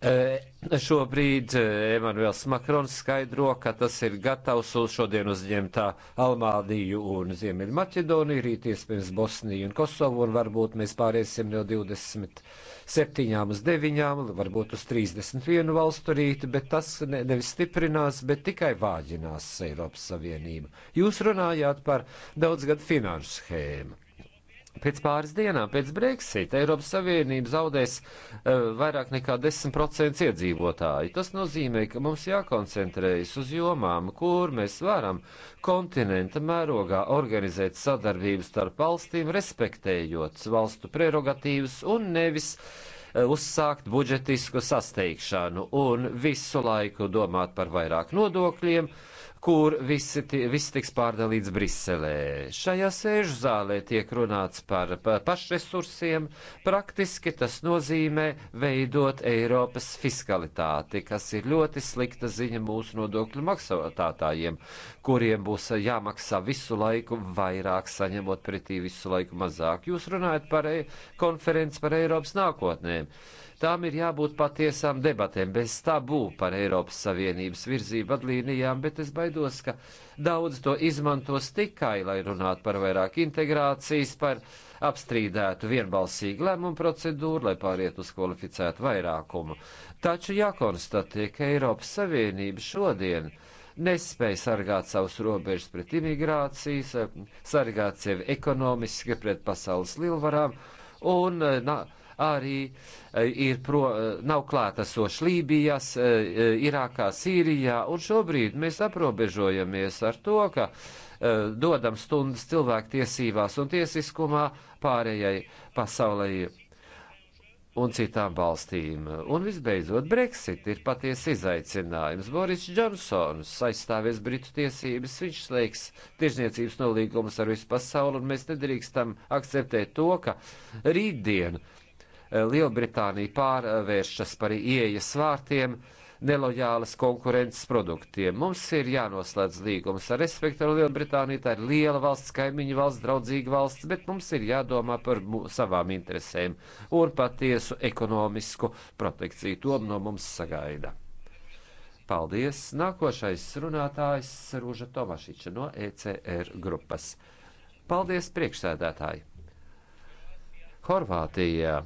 Eh, šobrīd Emanuels eh, Makrons skaidro, ka tas ir gatavs uz šodien uzņemtā eh, Almāniju un Ziemeļmaķedoniju, rīt iespējams Bosniju un Kosovu, un varbūt mēs pāriesim no 27 uz 9, varbūt uz 31 valstu rītu, bet tas ne, nevis stiprinās, bet tikai vāģinās Eiropas Savienību. Jūs runājāt par daudzgad finanšu schēmu. Pēc pāris dienām, pēc Brexit, Eiropas Savienība zaudēs uh, vairāk nekā 10% iedzīvotāju. Tas nozīmē, ka mums jākoncentrējas uz jomām, kur mēs varam kontinenta mērogā organizēt sadarbību starp valstīm, respektējot valstu prerogatīvas un nevis uh, uzsākt budžetisku sasteigšanu un visu laiku domāt par vairāk nodokļiem. Uh, kur visi, viss tiks pārdalīts Briselē. Šajā sēžu zālē tiek runāts par pašresursiem. Praktiski tas nozīmē veidot Eiropas fiskalitāti, kas ir ļoti slikta ziņa mūsu nodokļu maksātājiem, kuriem būs jāmaksā visu laiku vairāk, saņemot pretī visu laiku mazāk. Jūs runājat par e konferenci par Eiropas nākotnēm. Tām ir jābūt patiesām debatēm, bez tabū par Eiropas Savienības virzību vadlīnijām, bet es baidos, ka daudz to izmantos tikai, lai runātu par vairāk integrācijas, par apstrīdētu vienbalsīgu lēmumu procedūru, lai pāriet uz kvalificētu vairākumu. Taču jākonstatē, ka Eiropas Savienība šodien nespēja sargāt savus robežas pret imigrācijas, sargāt sevi ekonomiski pret pasaules lielvarām un. Na, arī e, ir pro, e, nav klātesoši Lībijas, e, Irākā, Sīrijā, un šobrīd mēs aprobežojamies ar to, ka dodam stundas cilvēktiesībās un tiesiskumā pārējai pasaulē un citām valstīm. Un visbeidzot, Brexit ir patiesi izaicinājums. Boris Džonsons aizstāvies Britu tiesības, viņš slēgs tirzniecības nolīgumus ar visu pasauli, un mēs nedrīkstam akceptēt to, ka rītdien uh, Eh, Lielbritānija pārvēršas par ieejas vārtiem nelojālas konkurences produktiem. Mums ir jānoslēdz līgums ar respektu ar Lielbritāniju. Tā ir liela valsts, kaimiņu valsts, draudzīga valsts, bet mums ir jādomā par savām interesēm un patiesu ekonomisku protekciju. To no mums sagaida. Paldies! Nākošais runātājs Rūža Tomašiča no ECR grupas. Paldies, priekšsēdētāji! Horvātijā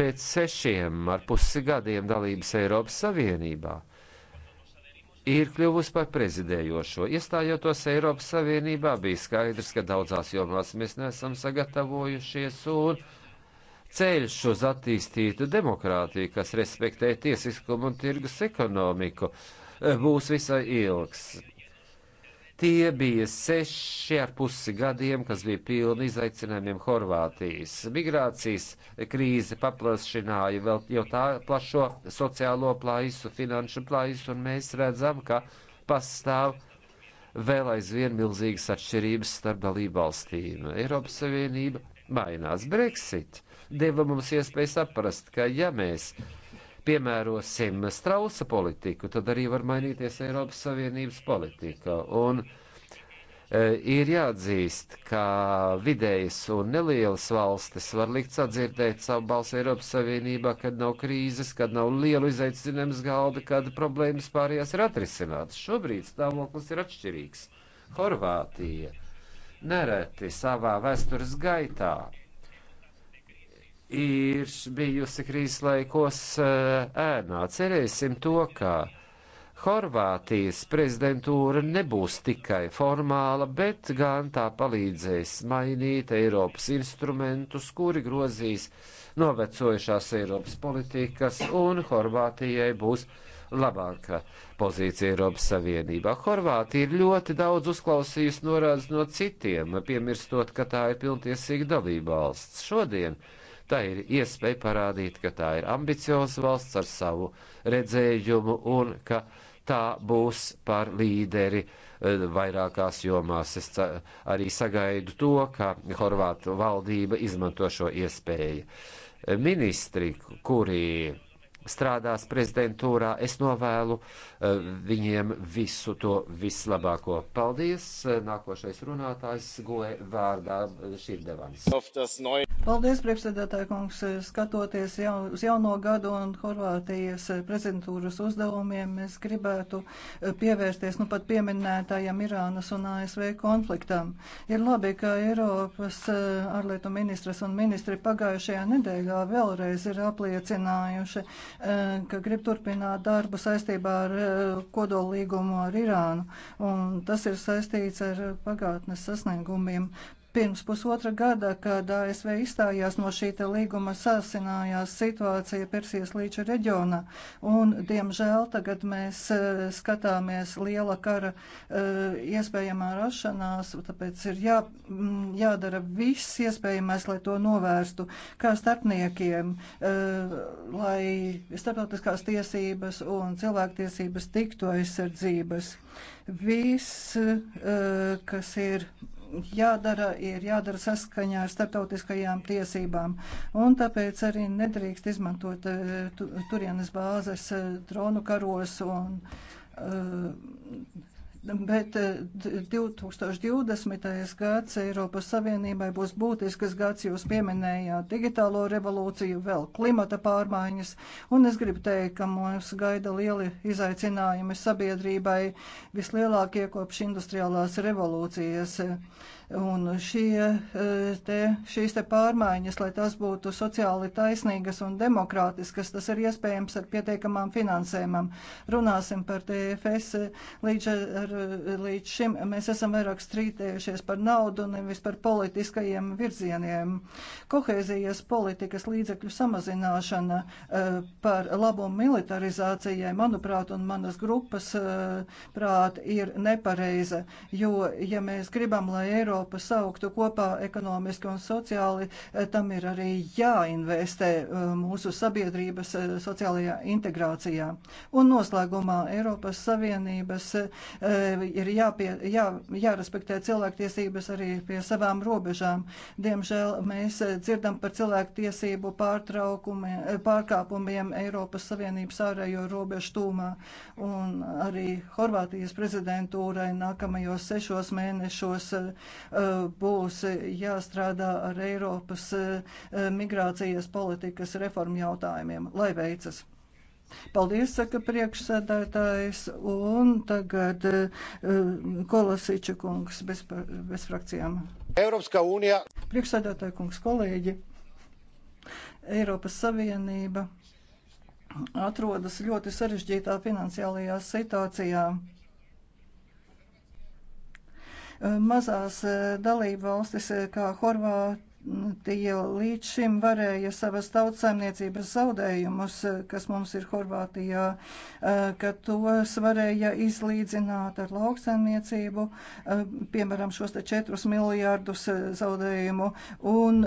pēc sešiem ar pusi gadiem dalības Eiropas Savienībā ir kļuvusi par prezidējošo. Iestājoties Eiropas Savienībā, bija skaidrs, ka daudzās jomās mēs neesam sagatavojušies un ceļš uz attīstītu demokrātiju, kas respektē tiesiskumu un tirgus ekonomiku, būs visai ilgs. Tie bija seši ar pusi gadiem, kas bija pilni izaicinājumiem Horvātijas. Migrācijas krīze paplašināja vēl jau tā plašo sociālo plaisu, finanšu plaisu, un mēs redzam, ka pastāv vēl aizvien milzīgas atšķirības starp dalību valstīm. Eiropas Savienība mainās Brexit, deva mums iespēju saprast, ka ja mēs piemērosim strausa politiku, tad arī var mainīties Eiropas Savienības politika. Un, e, Ir jāatzīst, ka vidējas un nelielas valstis var likt sadzirdēt savu balsu Eiropas Savienībā, kad nav krīzes, kad nav lielu izaicinājumu uz galda, kad problēmas pārējās ir atrisinātas. Šobrīd stāvoklis ir atšķirīgs. Horvātija nereti savā vēstures gaitā ir bijusi krīzes laikos eh, ēnā. Cerēsim to, ka Horvātijas prezidentūra nebūs tikai formāla, bet gan tā palīdzēs mainīt Eiropas instrumentus, kuri grozīs novecojušās Eiropas politikas, un Horvātijai būs labāka pozīcija Eiropas Savienībā. Horvātija ir ļoti daudz uzklausījusi norādes no citiem, piemirstot, ka tā ir pilntiesīga dalībvalsts. Šodien Tā ir iespēja parādīt, ka tā ir ambicioza valsts ar savu redzējumu un ka tā būs par līderi eh, vairākās jomās. Es arī sagaidu to, ka Horvātu valdība izmanto šo iespēju. Ministri, kuri strādās prezidentūrā. Es novēlu eh, viņiem visu to vislabāko. Paldies! Nākošais runātājs goja vārdā eh, šī devans. Paldies, priekšsēdētāja kungs! Skatoties jau, uz jauno gadu un Horvātijas prezidentūras uzdevumiem, mēs gribētu eh, pievērsties nu pat pieminētajam Irānas un ASV konfliktam. Ir labi, ka Eiropas ārlietu ministras un ministri pagājušajā nedēļā vēlreiz ir apliecinājuši, Eh, ka grib turpināt darbu saistībā ar eh, kodolīgumu ar Irānu, un tas ir saistīts ar pagātnes sasniegumiem. Pirms pusotra gada, kad ASV izstājās no šī līguma, sāsinājās situācija Persijas līča reģionā, un, diemžēl, tagad mēs e, skatāmies liela kara e, iespējamā rašanās, tāpēc ir jā, jādara viss iespējamais, lai to novērstu, kā starpniekiem, e, lai starptautiskās tiesības un cilvēktiesības tiktu aizsardzības. Viss, kas ir jādara, ir jādara saskaņā ar starptautiskajām tiesībām. Un tāpēc arī nedrīkst izmantot eh, turienes bāzes eh, dronu karos un eh, bet 2020. Eh, gads Eiropas Savienībai būs būtisks gads, jūs pieminējāt digitālo revolūciju, vēl klimata pārmaiņas, un es gribu teikt, ka mums gaida lieli izaicinājumi sabiedrībai, vislielākie kopš industriālās revolūcijas. Un šie, e, te, šīs te pārmaiņas, lai tas būtu sociāli taisnīgas un demokrātiskas, tas ir iespējams ar pietiekamām finansējumam. Runāsim par TFS. E, līdz, ar, e, līdz šim mēs esam vairāk strīdējušies par naudu, nevis par politiskajiem virzieniem. Kohēzijas politikas līdzekļu samazināšana par labu militarizācijai, manuprāt, un manas grupas prāt, ir nepareiza, jo, ja mēs gribam, lai Eiropa Eiropu sauktu kopā ekonomiski un sociāli, eh, tam ir arī jāinvestē eh, mūsu sabiedrības eh, sociālajā integrācijā. Un noslēgumā Eiropas Savienības ir jāpie, jā, jārespektē cilvēktiesības arī pie savām robežām. Diemžēl mēs dzirdam par cilvēktiesību pārkāpumiem Eiropas Savienības ārējo robežu tūmā. Un arī Horvātijas prezidentūrai nākamajos sešos mēnešos Eh, būs jāstrādā ar Eiropas eh, migrācijas politikas reformu jautājumiem. Lai veicas! Paldies, saka priekšsēdētājs, un tagad uh, eh, Kolasiča kungs bez, bez frakcijām. Eiropska unija. Priekšsēdētāja kungs, kolēģi, Eiropas Savienība atrodas ļoti sarežģītā finansiālajā situācijā. Eh, mazās eh, dalība valstis eh, kā Horvātija tie līdz šim varēja savas tautsēmniecības zaudējumus, kas mums ir Horvātijā, ka tos varēja izlīdzināt ar lauksēmniecību, piemēram, šos te 4 miljārdus zaudējumu, un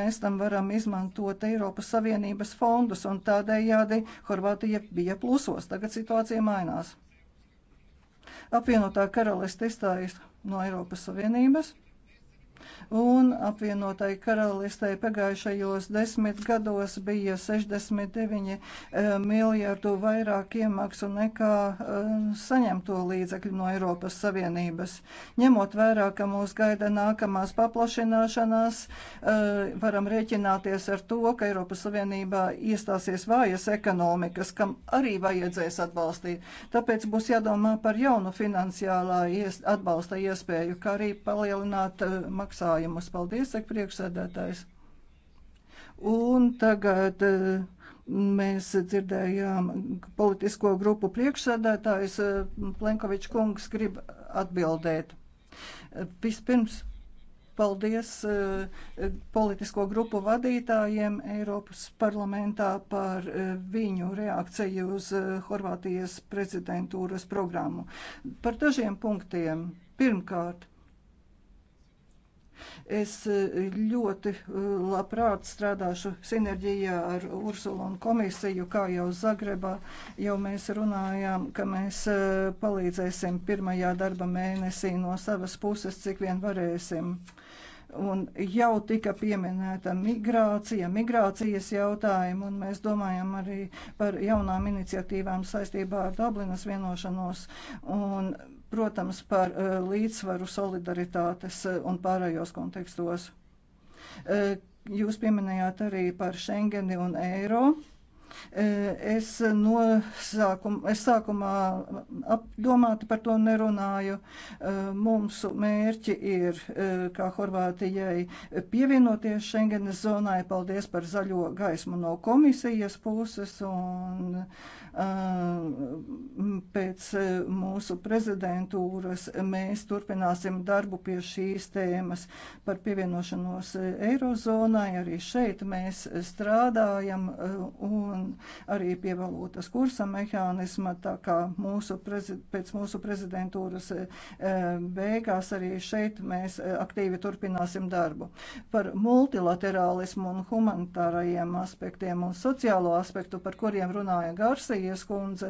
mēs tam varam izmantot Eiropas Savienības fondus, un tādējādi Horvātija bija plusos, tagad situācija mainās. Apvienotā karalista izstājas no Eiropas Savienības un apvienotai karalistē pagājušajos desmit gados bija 69 eh, miljardu vairāk iemaksu nekā eh, saņemto līdzekļu no Eiropas Savienības. Ņemot vērā, ka mūs gaida nākamās paplašināšanās, eh, varam rēķināties ar to, ka Eiropas Savienībā iestāsies vājas ekonomikas, kam arī vajadzēs atbalstīt. Tāpēc būs jādomā par jaunu finansiālā atbalsta iespēju, kā arī palielināt maksājumu jautājumus. Paldies, saka priekšsēdētājs. Un tagad eh, mēs dzirdējām politisko grupu priekšsēdētājs eh, Plenkovičs kungs grib atbildēt. Vispirms paldies uh, politisko grupu vadītājiem Eiropas parlamentā par uh, viņu reakciju uz uh, Horvātijas prezidentūras programmu. Par dažiem punktiem. Pirmkārt, Es e, ļoti e, labprāt strādāšu sinerģijā ar Ursulu un komisiju, kā jau Zagrebā, jau mēs runājām, ka mēs e, palīdzēsim pirmajā darba mēnesī no savas puses, cik vien varēsim. Un jau tika pieminēta migrācija, migrācijas jautājumi, un mēs domājam arī par jaunām iniciatīvām saistībā ar Dublinas vienošanos. Un protams, par eh, līdzsvaru solidaritātes eh, un pārējos kontekstos. Eh, jūs pieminējāt arī par Schengeni un eiro. Es, no sākum, es sākumā apdomāti par to nerunāju. Mūsu mērķi ir, kā Horvātijai, pievienoties Schengenes zonai. Paldies par zaļo gaismu no komisijas puses. Un, uh, Pēc mūsu prezidentūras mēs turpināsim darbu pie šīs tēmas par pievienošanos Eirozonai. Arī šeit mēs strādājam un arī pie valūtas kursa mehānisma, tā kā mūsu pēc mūsu prezidentūras beigās arī šeit mēs aktīvi turpināsim darbu. Par multilaterālismu un humanitārajiem aspektiem un sociālo aspektu, par kuriem runāja Garsija, Matijas kundze.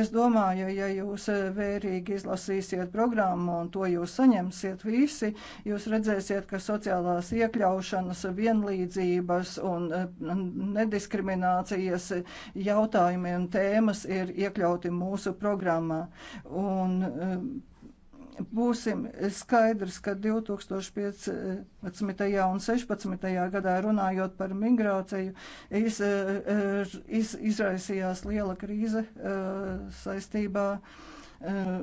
Es domāju, ja jūs eh, vērīgi izlasīsiet programmu un to jūs saņemsiet visi, jūs redzēsiet, ka sociālās iekļaušanas, vienlīdzības un eh, nediskriminācijas jautājumiem tēmas ir iekļauti mūsu programmā. Un, eh, būsim skaidrs, ka 2015. un 16. gadā runājot par migrāciju, iz, eh, iz, izraisījās liela krīze eh, saistībā eh,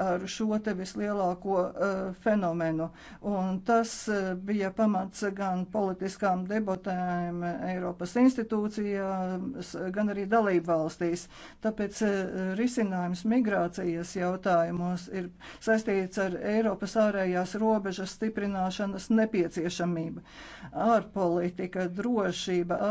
ar šo te vislielāko eh, fenomenu. Un tas eh, bija pamats gan politiskām debatēm Eiropas institūcijās, gan arī dalību valstīs. Tāpēc eh, risinājums migrācijas jautājumos ir saistīts ar Eiropas ārējās robežas stiprināšanas nepieciešamību. Ārpolitika, drošība,